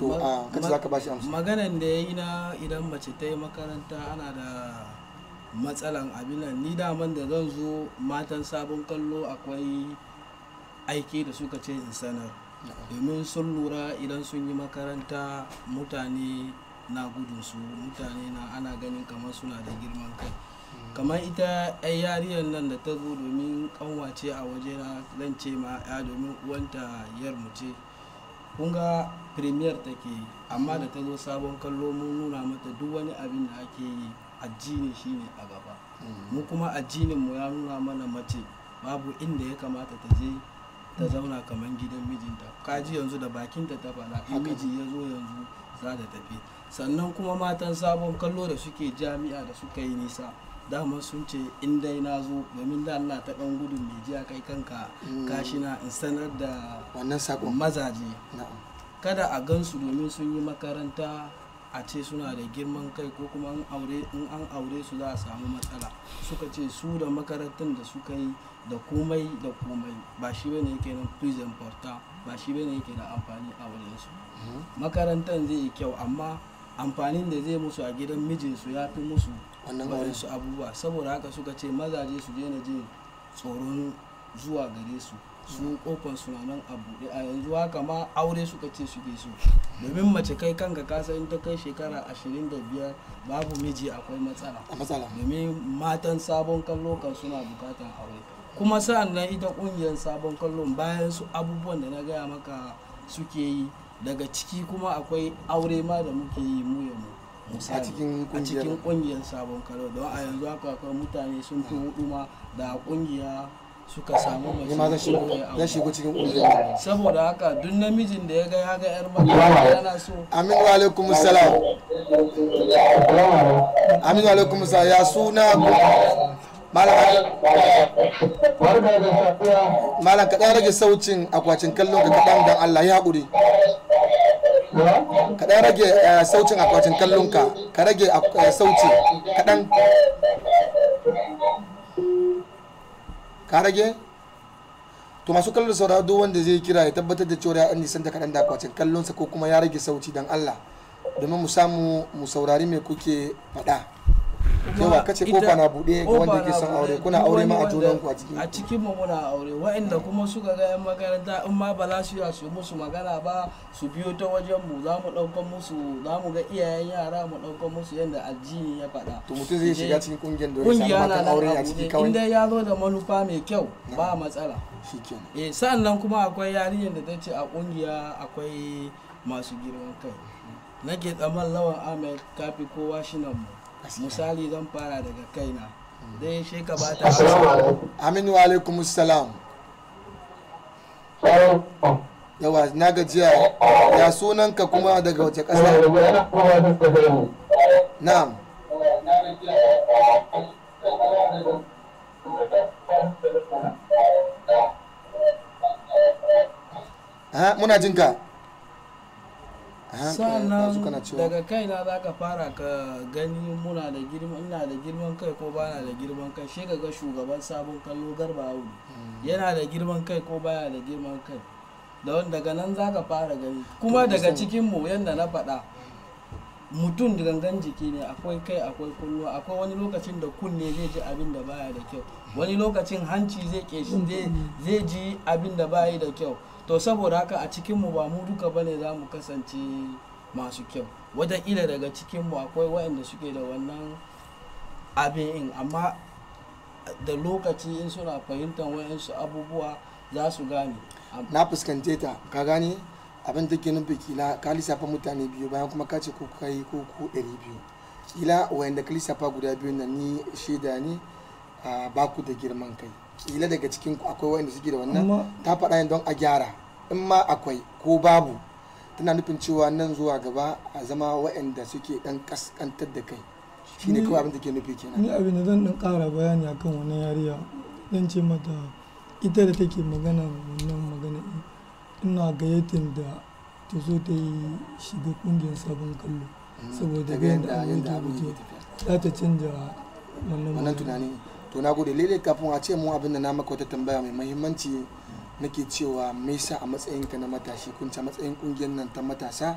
to a ah, kace zaka bashi amsa maganan da yayi na idan mace ta yi makaranta ana da matsalan abin nan ni daman da zan zo matan sabon kallo akwai aiki da suka ce in sanar domin sun lura idan sun yi makaranta mutane na gudun su mutane na ana ganin kamar suna da girman kai kamar ita yan yariyar nan da ta zo domin kanwace a waje na zan ce ma ya ah, domin uwanta yar mu ce kun ga premier take yi amma da ta zo sabon kallo mun nuna mata duk wani abin da ake yi ajini shine a gaba mm. mu kuma ajinin mu ya nuna mana mace babu inda ya kamata ta je ta mm. zauna kamar gidan mijinta kaji yanzu da bakinta ta bala in miji ya zo yanzu za ta tafi sannan kuma matan sabon kallo da suke jami'a da suka yi nisa dama sun ce in dai na zo domin da Allah ta ɗan gudun mai jiya kai kanka mm. shi na in sanar da wannan sakon mazaje kada a gansu domin sun yi makaranta a ce suna da girman kai ko kuma in an aure su za a samu matsala suka ce su da makarantun da suka yi da komai da komai ba shi bane yake nan prison porta ba shi bane yake da amfani a wurin su mm. makarantar zai yi kyau amma amfanin da zai musu a gidan mijinsu ya fi musu wannan su abubuwa saboda haka suka ce mazaje su daina jin tsoron zuwa gare su su kofar su nan a buɗe a yanzu haka ma aure suka ce su ke so domin mace kai kanka kasa in ta kai shekara ashirin da biyar babu miji akwai matsala domin matan sabon kallo kan suna bukatan aure kuma sa'an nan ita ƙungiyar sabon kallo bayan su abubuwan da na gaya maka suke yi daga ciki kuma akwai aure ma da muke yi mu ya mu a cikin kungiyar sabon kano da a yanzu haka kan mutane sun fi hudu ma da kungiya suka samu mace zan shigo cikin kungiyar saboda haka duk namijin da ya ga ya ga yar mata yana so amin wa alaikum salam amin wa alaikum salam ya suna malam ka rage saucin akwatin kallon ka kaɗan don allah ya haƙuri ka dan rage eh, saucin akwatin kallon ka ka rage eh, sauci kaɗan ka rage to masu kallon sauraro duk wanda zai kira ya tabbatar da cewa ya nisan da kaɗan da akwatin kallonsa ko kuma ya rage sauci don allah domin mu samu mu saurari me kuke faɗa cewa kace kofa na bude ga wanda ke son aure kuna aure ma a junan ku a cikin a cikin mu muna aure wa'anda kuma suka ga yan makaranta in ma ba za su yi su musu magana ba su biyo ta wajen mu za mu ɗaukan musu za mu ga iyayen yara mu ɗaukan musu yadda aljini ya faɗa to mutum zai shiga cikin kungiyar da ya samu matan aure a cikin kawai inda ya zo da manufa mai kyau ba matsala shikenan eh sannan kuma akwai yarinyar da ta ce a kungiya akwai masu girman kai nake tsaman lawan ahmed kafi kowa shi nan mu misali zan fara daga kaina hmm. dai shi ka ba ta aminu alaikum salam oh. yawa na gajiya oh, oh. ya sunan ka kuma daga wace kasa na'am muna jinka sannan daga kaina za ka fara ka gani muna da girman ina da girman kai ko bana da girman kai shi ga shugaban sabon kallo garba audu hmm. yana da girman kai ko baya da girman kai da wanda daga nan za ka fara gani kuma daga cikin mu yadda na faɗa mutum da gangan jiki ne akwai kai akwai kunnuwa akwai wani lokacin da kunne zai ji abin da baya da kyau wani lokacin hanci zai zai ji abin da baya da kyau to saboda haka a cikinmu ba mu duka bane za mu kasance masu kyau wajen ila daga cikinmu akwai waɗanda suke da wannan abin in amma da lokaci in suna fahimtar wayansu abubuwa za su gane na fuskance ta ka gane abin da ke nufi kila ka lissafa mutane biyu bayan kuma ka ce ko kai ko ko ɗari biyu kila da ka lissafa guda biyu na ni shaida ne ba ku da girman kai kila daga cikin akwai wayanda suke da wannan ta faɗa don a gyara in ma akwai ko babu tana nufin cewa nan zuwa gaba a zama waɗanda suke ɗan ƙasƙantar da kai shine kawai abin da ke nufi kenan ni abin da zan ɗan ƙara bayani akan wannan yariya zan ce mata ita da take magana wannan magana ina gayyatin da ta zo ta yi shiga ƙungiyar sabon kallo mm, saboda ga yadda abin da abin za ta canja wannan tunani to na gode lele kafin a ce mu abin da na maka wata tambaya mai muhimmanci nake cewa me yasa a matsayinka na matashi kun ta matsayin kungiyar nan ta matasa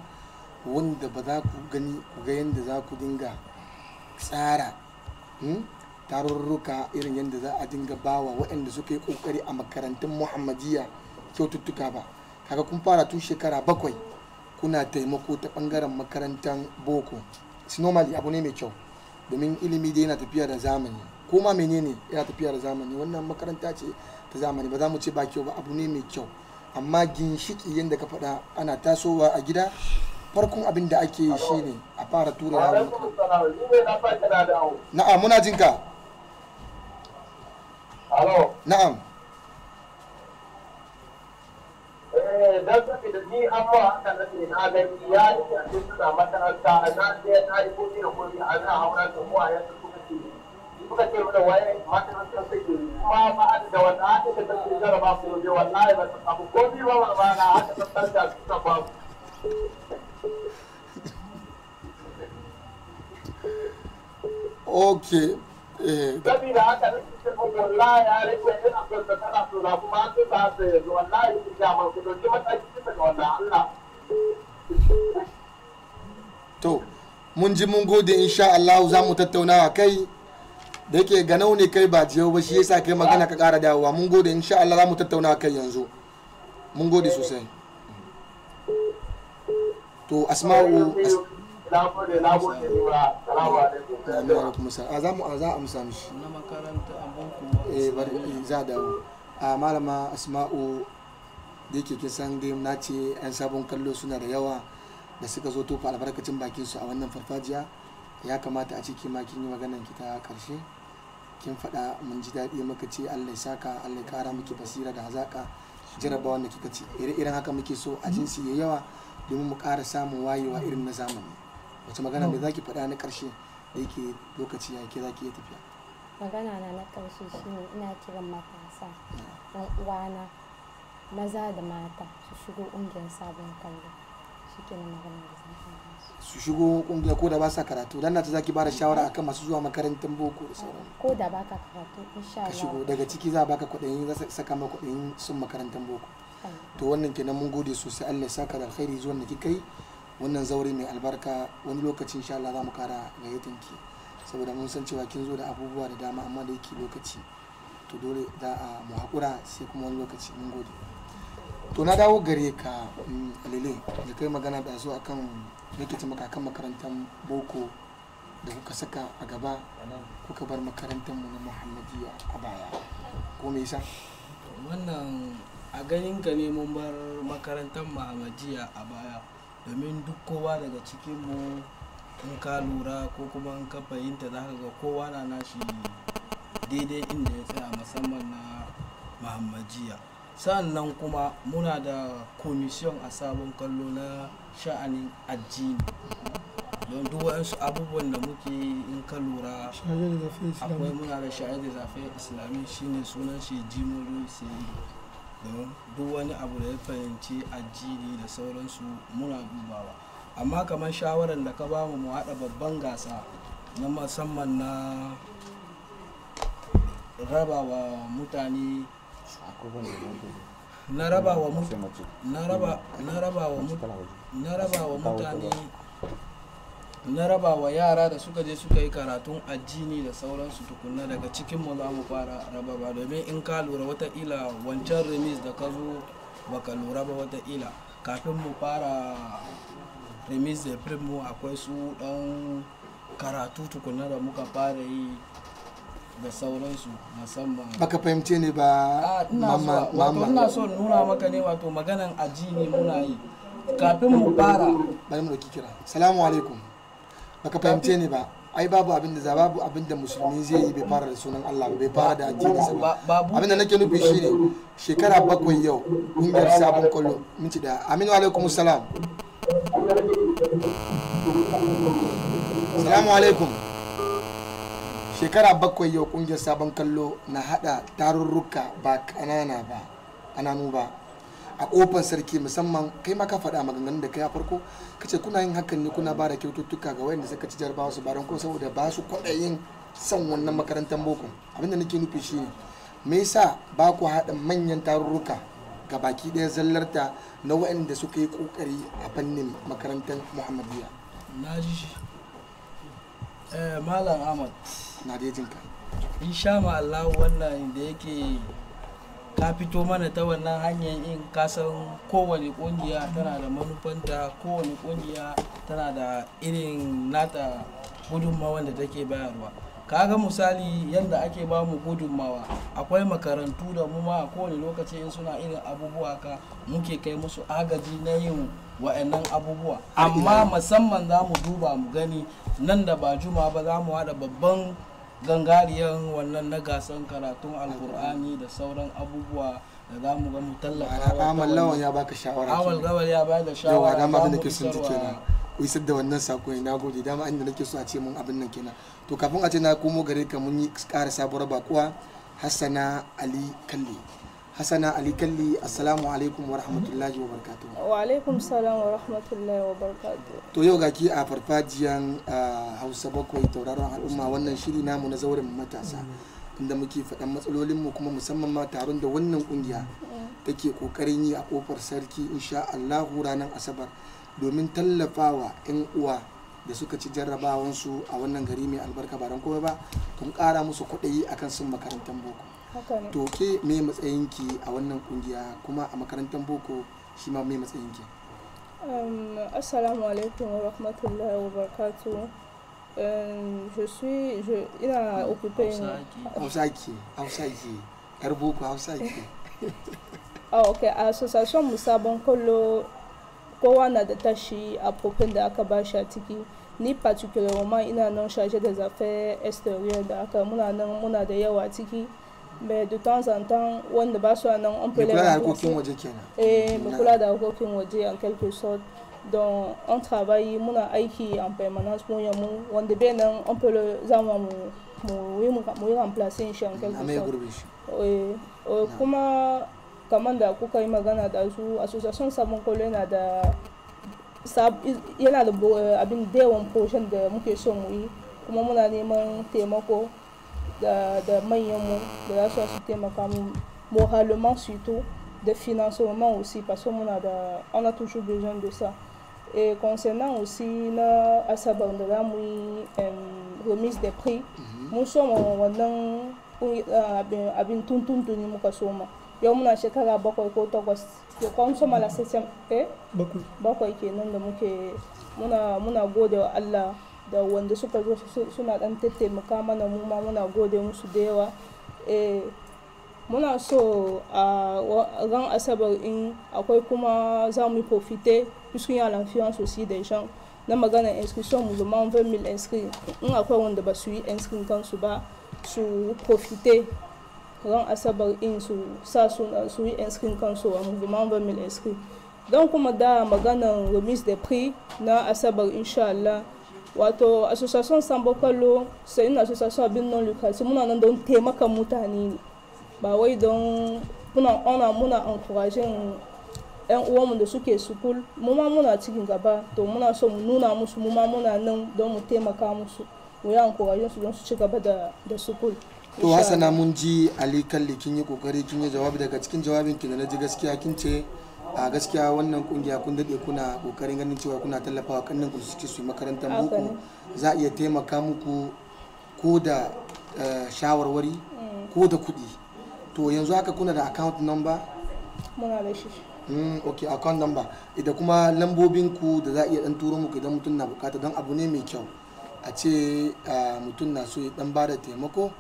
wanda ba za ku gani ku ga yadda za ku dinga tsara hmm, tarurruka irin yadda za a dinga bawa waɗanda suka yi ƙoƙari a makarantun muhammadiyya kyaututtuka ba kaga kun fara tun shekara bakwai kuna taimako ta ɓangaren makarantar boko normally abu ne mai kyau domin ilimi dai yana tafiya da zamani ko ma menene yana tafiya da zamani wannan makaranta ce ta zamani ba za mu ce ba kyau ba abu ne mai kyau amma ginshiki yadda ka faɗa ana tasowa a gida farkon abin da ake yi ne a fara tura yawon na'am muna jin ka na'am eh, ni an ba haka na ce na gani ya rike a cikin suna makaranta a na sai na yi kofi da kofi a na haura da kowa ya su suka ce suka ce mana waye makarantar suke kuma ba a da wanda aka ta tafi jaraba ko je wallahi ba ta samu kofi ba ba ba na aka tattar da suka ba Okay. Eh. sabida haka ne wallahi ya rage in akwai da so na kuma an su yanzu wallahi su mataki wannan Allah. To, mun ji mun gode insha Allah za mu tattauna a kai da yake ganau ne kai ba jiyo ba shi yasa kai magana ka kara dawowa mun gode insha Allah za mu tattauna a kai yanzu mun gode sosai to asma'u a za mu a za a mishi na makaranta a eh, eh, za a malama asma'u da yake kin san dai na ce yan sabon kallo suna da yawa da suka zo tofa albarkacin bakin su a wannan farfajiya ya kamata a cikin ma kin yi maganar ki ta karshe kin faɗa mun ji daɗi muka ce Allah saka Allah kara miki basira da hazaka jarabawar da kika ci irin haka muke so a jinsi yayi yawa domin mu ƙara samun wayewa irin na zamani wace magana me zaki faɗa na ƙarshe da yake lokaci ya ke zaki iya tafiya magana na na ƙarshe shine ina kiran matasa ɗan uwana maza da mata su shigo ƙungiyar sabon kallo ke na magana da zan su shigo ƙungiyar ko da ba sa karatu dan nata zaki bada shawara akan masu zuwa makarantar boko da sauran ko da baka karatu insha Allah ka shigo daga ciki za baka kuɗin za saka maka kuɗin sun makarantar boko to wannan kenan mun gode sosai Allah ya saka da alkhairi zuwan da kika yi wannan zaure mai albarka wani lokacin insha Allah za mu kara gayyatin ki saboda mun san cewa kin zo da abubuwa da dama amma da yake lokaci to dole za a mu hakura sai kuma wani lokaci mun gode to na dawo gare ka mm, lele da kai magana da zo akan nake ta maka kan makarantar boko da kuka saka a gaba kuka bar makarantar mu na muhammadiyya a baya ko me yasa wannan a ganin ka ne mun bar makarantar muhammadiyya a baya domin duk kowa daga cikinmu in ka lura ko kuma in ka fahimta za ka ga kowa na nashi daidai inda ya tsaya musamman na mahammajiya sannan kuma muna da komishin a sabon kallo na sha'anin addini don duk waɗansu abubuwan da muke in ka lura akwai muna da sha'ar da zafi islami shine sunan shi jimuru sai duk wani abu da ya fahimci addini da sauransu muna dubawa amma kamar shawarar da ka bamu mu haɗa babban gasa na musamman na raba wa mutane na raba wa mutane na raba wa yara da suka je suka yi karatun addini da sauransu tukunna daga cikin mu za mu fara rabarwa domin in ka lura watakila wancan remis da ka zo baka lura ba watakila kafin mu fara remis da primo akwai su dan karatu tukunna da muka fara yi da sauransu musamman baka fahimce ne ba mamma wato ina so nuna maka ne wato maganan addini muna yi kafin mu fara bari mu kira salamu alaikum baka fahimce ni ba ai babu abin da babu abin da musulmi zai yi bai fara da sunan Allah bai fara da addini ba abin da nake nufi shine shekara bakwai yau kungiyar sabon mun minti da aminu alaikum salam salamu alaikum shekara bakwai yau kungiyar sabon kallo na hada tarurruka ba kanana ba kananu ba a kofar sarki musamman kai ma ka faɗa maganganun da kai a farko kace kuna yin hakan ne kuna ba da kyaututtuka ga wayanda suka ci jarabawa su baran ko saboda ba su kwaɗayin son wannan makarantar boko abinda nake nufi shi ne me yasa ba ku haɗa manyan tarurruka ga baki ɗaya zallarta na wayanda suka yi kokari a fannin makarantar muhammadiyya na ji eh, malam ahmad na dai jinka insha Allah wannan da yake ka fito mana ta wannan hanyar in kasan kowane kungiya tana da manufanta kowane kungiya tana da irin nata gudunmawan da take bayarwa kaga misali yadda ake ba mu gudunmawa akwai makarantu da mu ma a kowane lokaci in suna irin abubuwa ka muke kai musu agaji na yin wa'annan abubuwa amma musamman za mu duba mu gani nan da ba juma ba za mu haɗa babban gangariyan wannan na gasan karatun alkur'ani da sauran abubuwa da za mu ga mu tallafa amal lawan ya baka shawara amal gabal ya bada shawara yawa dama abin da ke sun ji kenan ku da wannan sako ne na gode dama inda nake so a ce mun abin nan kenan to kafin a ce na komo gare ka mun yi ƙara sabuwar bakuwa hassana ali kalli Hassana Ali Kalli Assalamu alaikum wa rahmatullahi wa barkatu Wa alaikum salam wa rahmatullahi wa barkatu To yau gaki a farfajiyan Hausa bakwai tauraron al'umma wannan shiri namu na zauren matasa inda muke faɗan matsalolin mu kuma musamman ma taron da wannan kungiya take kokarin yi a kofar sarki insha Allahu ranar Asabar domin tallafawa 'yan uwa da suka ci jarrabawansu a wannan gari mai albarka ba don komai ba tun kara musu kuɗi akan sun makarantar boko. to ke me matsayinki a wannan kungiya kuma a makarantar boko shi ma me matsayinki um, assalamu alaikum wa rahmatullahi wa barakatuh Um, je suis je ah, association Musa Bankolo kowa na da tashi a fofin da aka ba shi a ciki ni particulièrement ina nan chargé des affaires extérieures da aka muna nan muna da yawa ciki mais de temps en temps ne ba su nan on peut les harkokin waje kenan eh mu kula da harkokin waje en quelque sorte donc on travaille muna aiki en permanence mu yamu wanda bai nan on peut le zama mu mu yi mu yi remplacer shi en quelque sorte eh, eh kuma kamar da kuka yi magana da su association sabon kolo yana da yana eh, da abin da yawan portion da muke son mu yi kuma muna neman taimako da manyanmu da za su su taimaka mu moralement surtout de financement aussi parce que muna da on a toujours besoin de ça et concernant aussi la asabar da za mu yi remise des prix mun soma wannan abin tuntuntuni muka soma yau muna shekara bakwai ko takwas to kwan soma la septième eh bakwai kenan da muke muna muna gode wa Allah da wanda suka zo suna dan taimaka mana mu ma muna gode musu da yawa eh muna so a ran asabar in akwai kuma za mu profite puisqu'il y a l'influence aussi des gens na magana inscription mu 20 20000 inscrits in akwai wanda ba su yi inscription kansu ba su profite ran asabar in su sa su yi inscription kansu a musulman 20 000 inscrits don kuma da magana remise des prix na asabar inshallah wato association sambo kwallo sai ina association abin non lucrative muna nan don taimakan mutane ne ba wai don muna ona muna encouraging yan uwanmu da suke sukul mu ma muna cikin gaba to muna so mu nuna musu mu ma muna nan don mu taimaka musu mu yi encouraging su don su ci gaba da da sukul to hasana mun ji ali kalli kin yi kokari kin yi jawabi daga cikin jawabin ki da na ji gaskiya kin ce a gaskiya wannan kungiya kun daɗe kuna kokarin ganin cewa kuna tallafawa kannan ku suke su makarantar muku za a iya taimaka muku ko da eh, shawarwari mm. ko da kuɗi to yanzu haka kuna da account number muna da shi Mm, ok account number idan kuma lambobin ku da za a iya dan turo muku idan mutum na bukata don abu ne mai kyau a ce ah, mutum na so ya dan bada taimako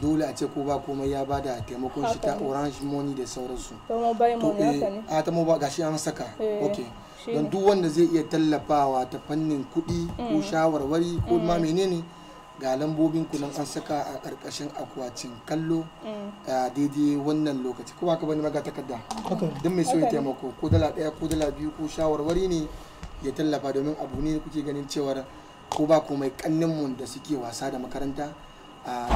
dole a ce ko ba komai ya bada taimakon shi ta orange money da sauransu To eh, a ta mobile gashi an saka eh, ok don duk wanda zai iya tallafawa ta fannin kuɗi ko mm. shawarwari ko ma mm. menene ga lambobin ku nan an saka a ƙarƙashin akwatin kallo mm. a daidai wannan lokaci ko ba ka bani maga takarda don mai so ya taimako ko dala ɗaya ko dala biyu ko shawarwari ne ya tallafa domin abu ne kuke ganin cewar ko ba komai mu da suke wasa da makaranta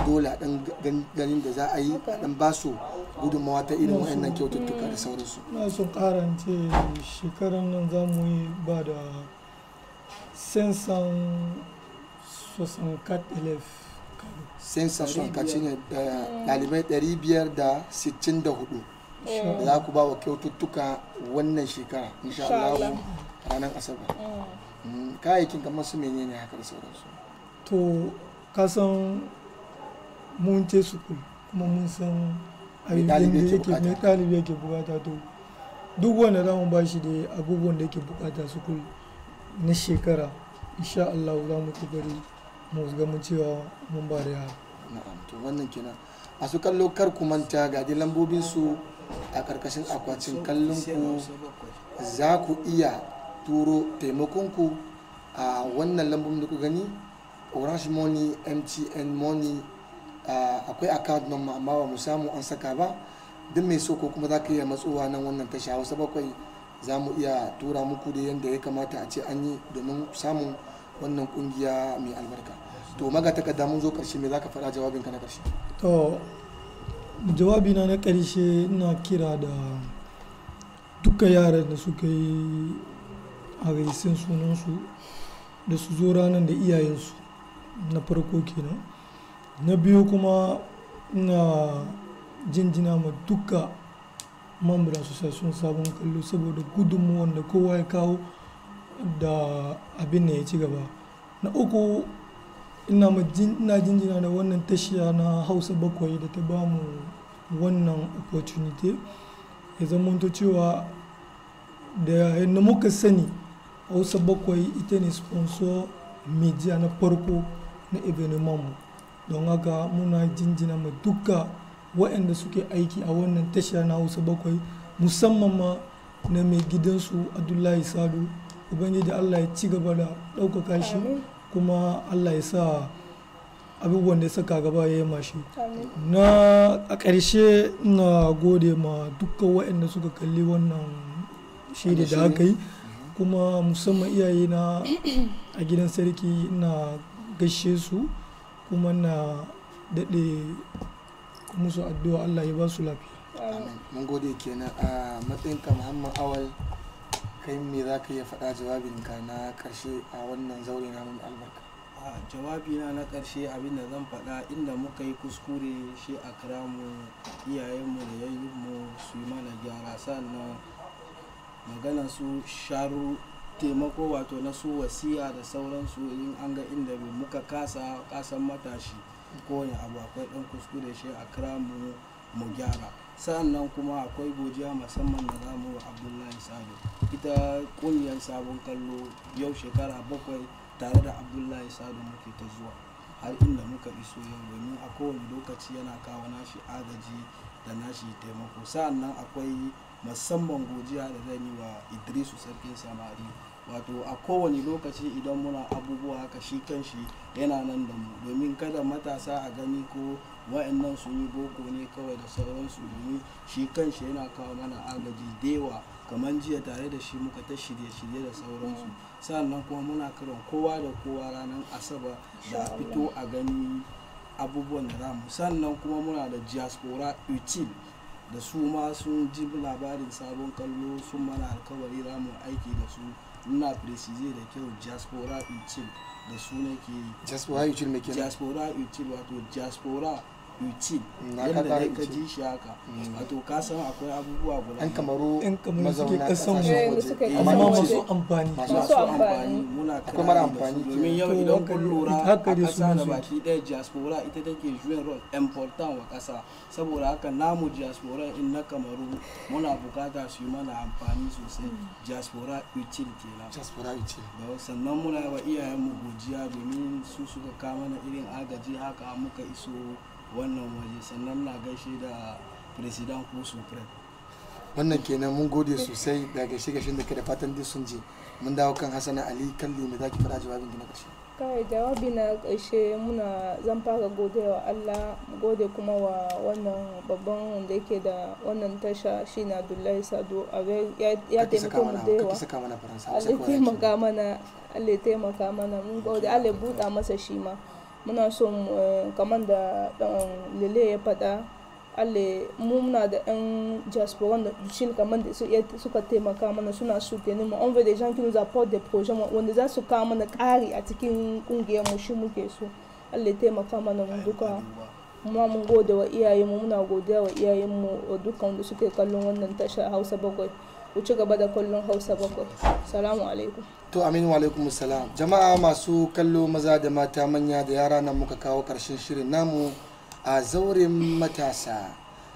dole a dan ganin da za a yi a dan basu gudunmawa ta irin wayannan kyaututtuka da sauransu na sun karance shekaran nan za mu yi ba da sensan sosan elef sensan shi ne dalibai 564 da eh. za ku ba wa kyaututtuka wannan shekara insha Allah ranar asabar eh. mm, kayayyakin kamar su menene haka da sauransu to kasan mun ce su kuma mun san ayyukan da yake mai ɗalibi yake bukata to duk wanda za mu ba shi da abubuwan da yake bukata su na shekara insha Allah za mu mu ga mun cewa mun ba da yara na'am to wannan kenan a su kallo kar ku manta ga lambobin su a karkashin akwatin kallon ku za ku iya turo taimakon ku a wannan lambobin da ku gani orange money mtn money akwai account number amma ba mu samu an saka ba duk mai so ko kuma za ka iya matsowa nan wannan tasha wasu bakwai za mu iya tura muku da yadda ya kamata a ce an yi domin samun wannan kungiya mai albarka to maga takarda mun zo karshe me za ka faɗa ka na karshe to na na karshe ina kira da duka yaran da suka yi a gaisin sunansu da su zo ranar da iyayensu na farko kenan na biyu kuma na jinjina ma duka mambar association sabon kallo saboda gudunmu wanda kowa ya kawo da abin da ya ci gaba na uku ina jinjina da wannan tashiya na hausa bakwai da ta bamu wannan opportunity ya zamanto cewa da yadda muka sani hausa bakwai ita ne sponsor media na farko na mu don haka muna jinjina ma duka waɗanda suke aiki a wannan tasha na hausa bakwai musamman ma na mai gidansu abdullahi sadu ubangiji allah ya ci gaba da ɗaukaka shi kuma allah ya sa abubuwan da ya saka gaba ya yi shi na a ƙarshe na gode ma duka waɗanda suka kalli wannan shiri da haka yi kuma musamman iyaye na a gidan sarki na gaishe su kuma na daɗe musu addu'a Allah ya ba su lafiya mun gode kenan a ka muhammad awal kai me za ka iya faɗa ka na ƙarshe a wannan zaure na mun albarka a jawabina na ƙarshe abin da zan faɗa inda muka yi kuskure shi a kira mu iyayenmu da mu su yi mana gyara sannan maganar su sharu taimako wato na su wasiya da sauransu in an ga inda muka kasa kasan matashi ko wani abu akwai dan kuskure shi a kira mu mu gyara sannan kuma akwai godiya musamman da zamu wa abdullahi sado ita kungiyar sabon kallo yau shekara bakwai tare da abdullahi sado muke ta zuwa har inda muka iso yau domin a kowane lokaci yana kawo nashi agaji da nashi taimako sannan akwai musamman godiya da zan yi wa idrisu sarkin samari wato a kowane lokaci idan muna abubuwa haka shi kan shi yana nan da mu domin kada matasa a gani ko wa'annan sun yi boko ne kawai da sauransu domin shi kan shi yana kawo mana agaji dewa kamar jiya tare da shi muka ta shirye-shirye da sauransu sannan kuma muna kiran kowa da kowa ranar asabar da a fito a gani abubuwan da zamu sannan kuma muna da diaspora util da su ma sun ji labarin sabon kallo sun mana alkawari ramu aiki da su ina precise da kyau jaspora uchil da su nake jaspora uchil me kenan jaspora uchil wato jaspora yuci yadda da ka ji shi haka mm. wato ka san akwai abubuwa guda yan kamaru yan kamaru suke kasan ma amma masu amfani masu amfani muna akwai mara amfani domin yau idan kun lura a ƙasa da baki ɗaya diaspora ita take juyin role important wa ƙasa saboda haka namu diaspora in na kamaru muna bukata su yi mana amfani sosai diaspora yuci kenan diaspora yuci sannan muna wa mu godiya domin su suka kama na irin agaji haka muka iso wannan waje sannan na gaishe da president ko supreme wannan kenan mun gode sosai da gaishe gashin da ke da fatan dai sun je mun dawo kan hasana ali kalli me zaki fara jawabin ki na kashe kai jawabi na karshe muna zan fara gode wa allah gode kuma wa wannan babban wanda yake da wannan tasha shi na abdullahi sado ya taimaka mu da yawa allah taimaka mana allah taimaka mana mun gode allah buɗa masa shi ma muna so eh, kamar da lele ya faɗa alle mu muna da yan diasporan da chill kamar da suka taimaka mana suna su kenan mu on da jan kinu support da wanda za su kawo mana ƙari a cikin kungiyar mu shi muke so alle taimaka mana mu duka kuma mun gode wa iyayenmu muna godiya wa iyayenmu dukkan wanda suke kallon wannan tashar hausa bakwai ku ci gaba da kullum hausa bakwai salamu alaikum to wa alaikum salam jama'a masu kallo maza da mata manya da yara nan muka kawo karshen shirin namu a zauren matasa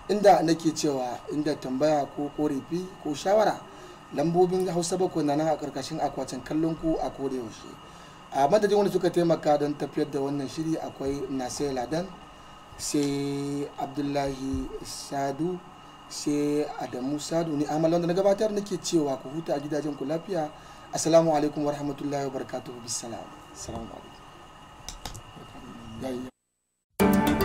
inda nake cewa inda tambaya ko korafi ko shawara lambobin hausa bakwai na nan a karkashin akwatin kallon ku a kore yaushe a madadin wanda suka taimaka don tafiyar da wannan shiri akwai nasir ladan sai abdullahi sadu sai adamu sadu ni amal wanda na gabatar nake cewa ku huta a gidajen ku lafiya assalamu alaikum wa rahmatullahi wa barakatuhu bisalam assalamu alaikum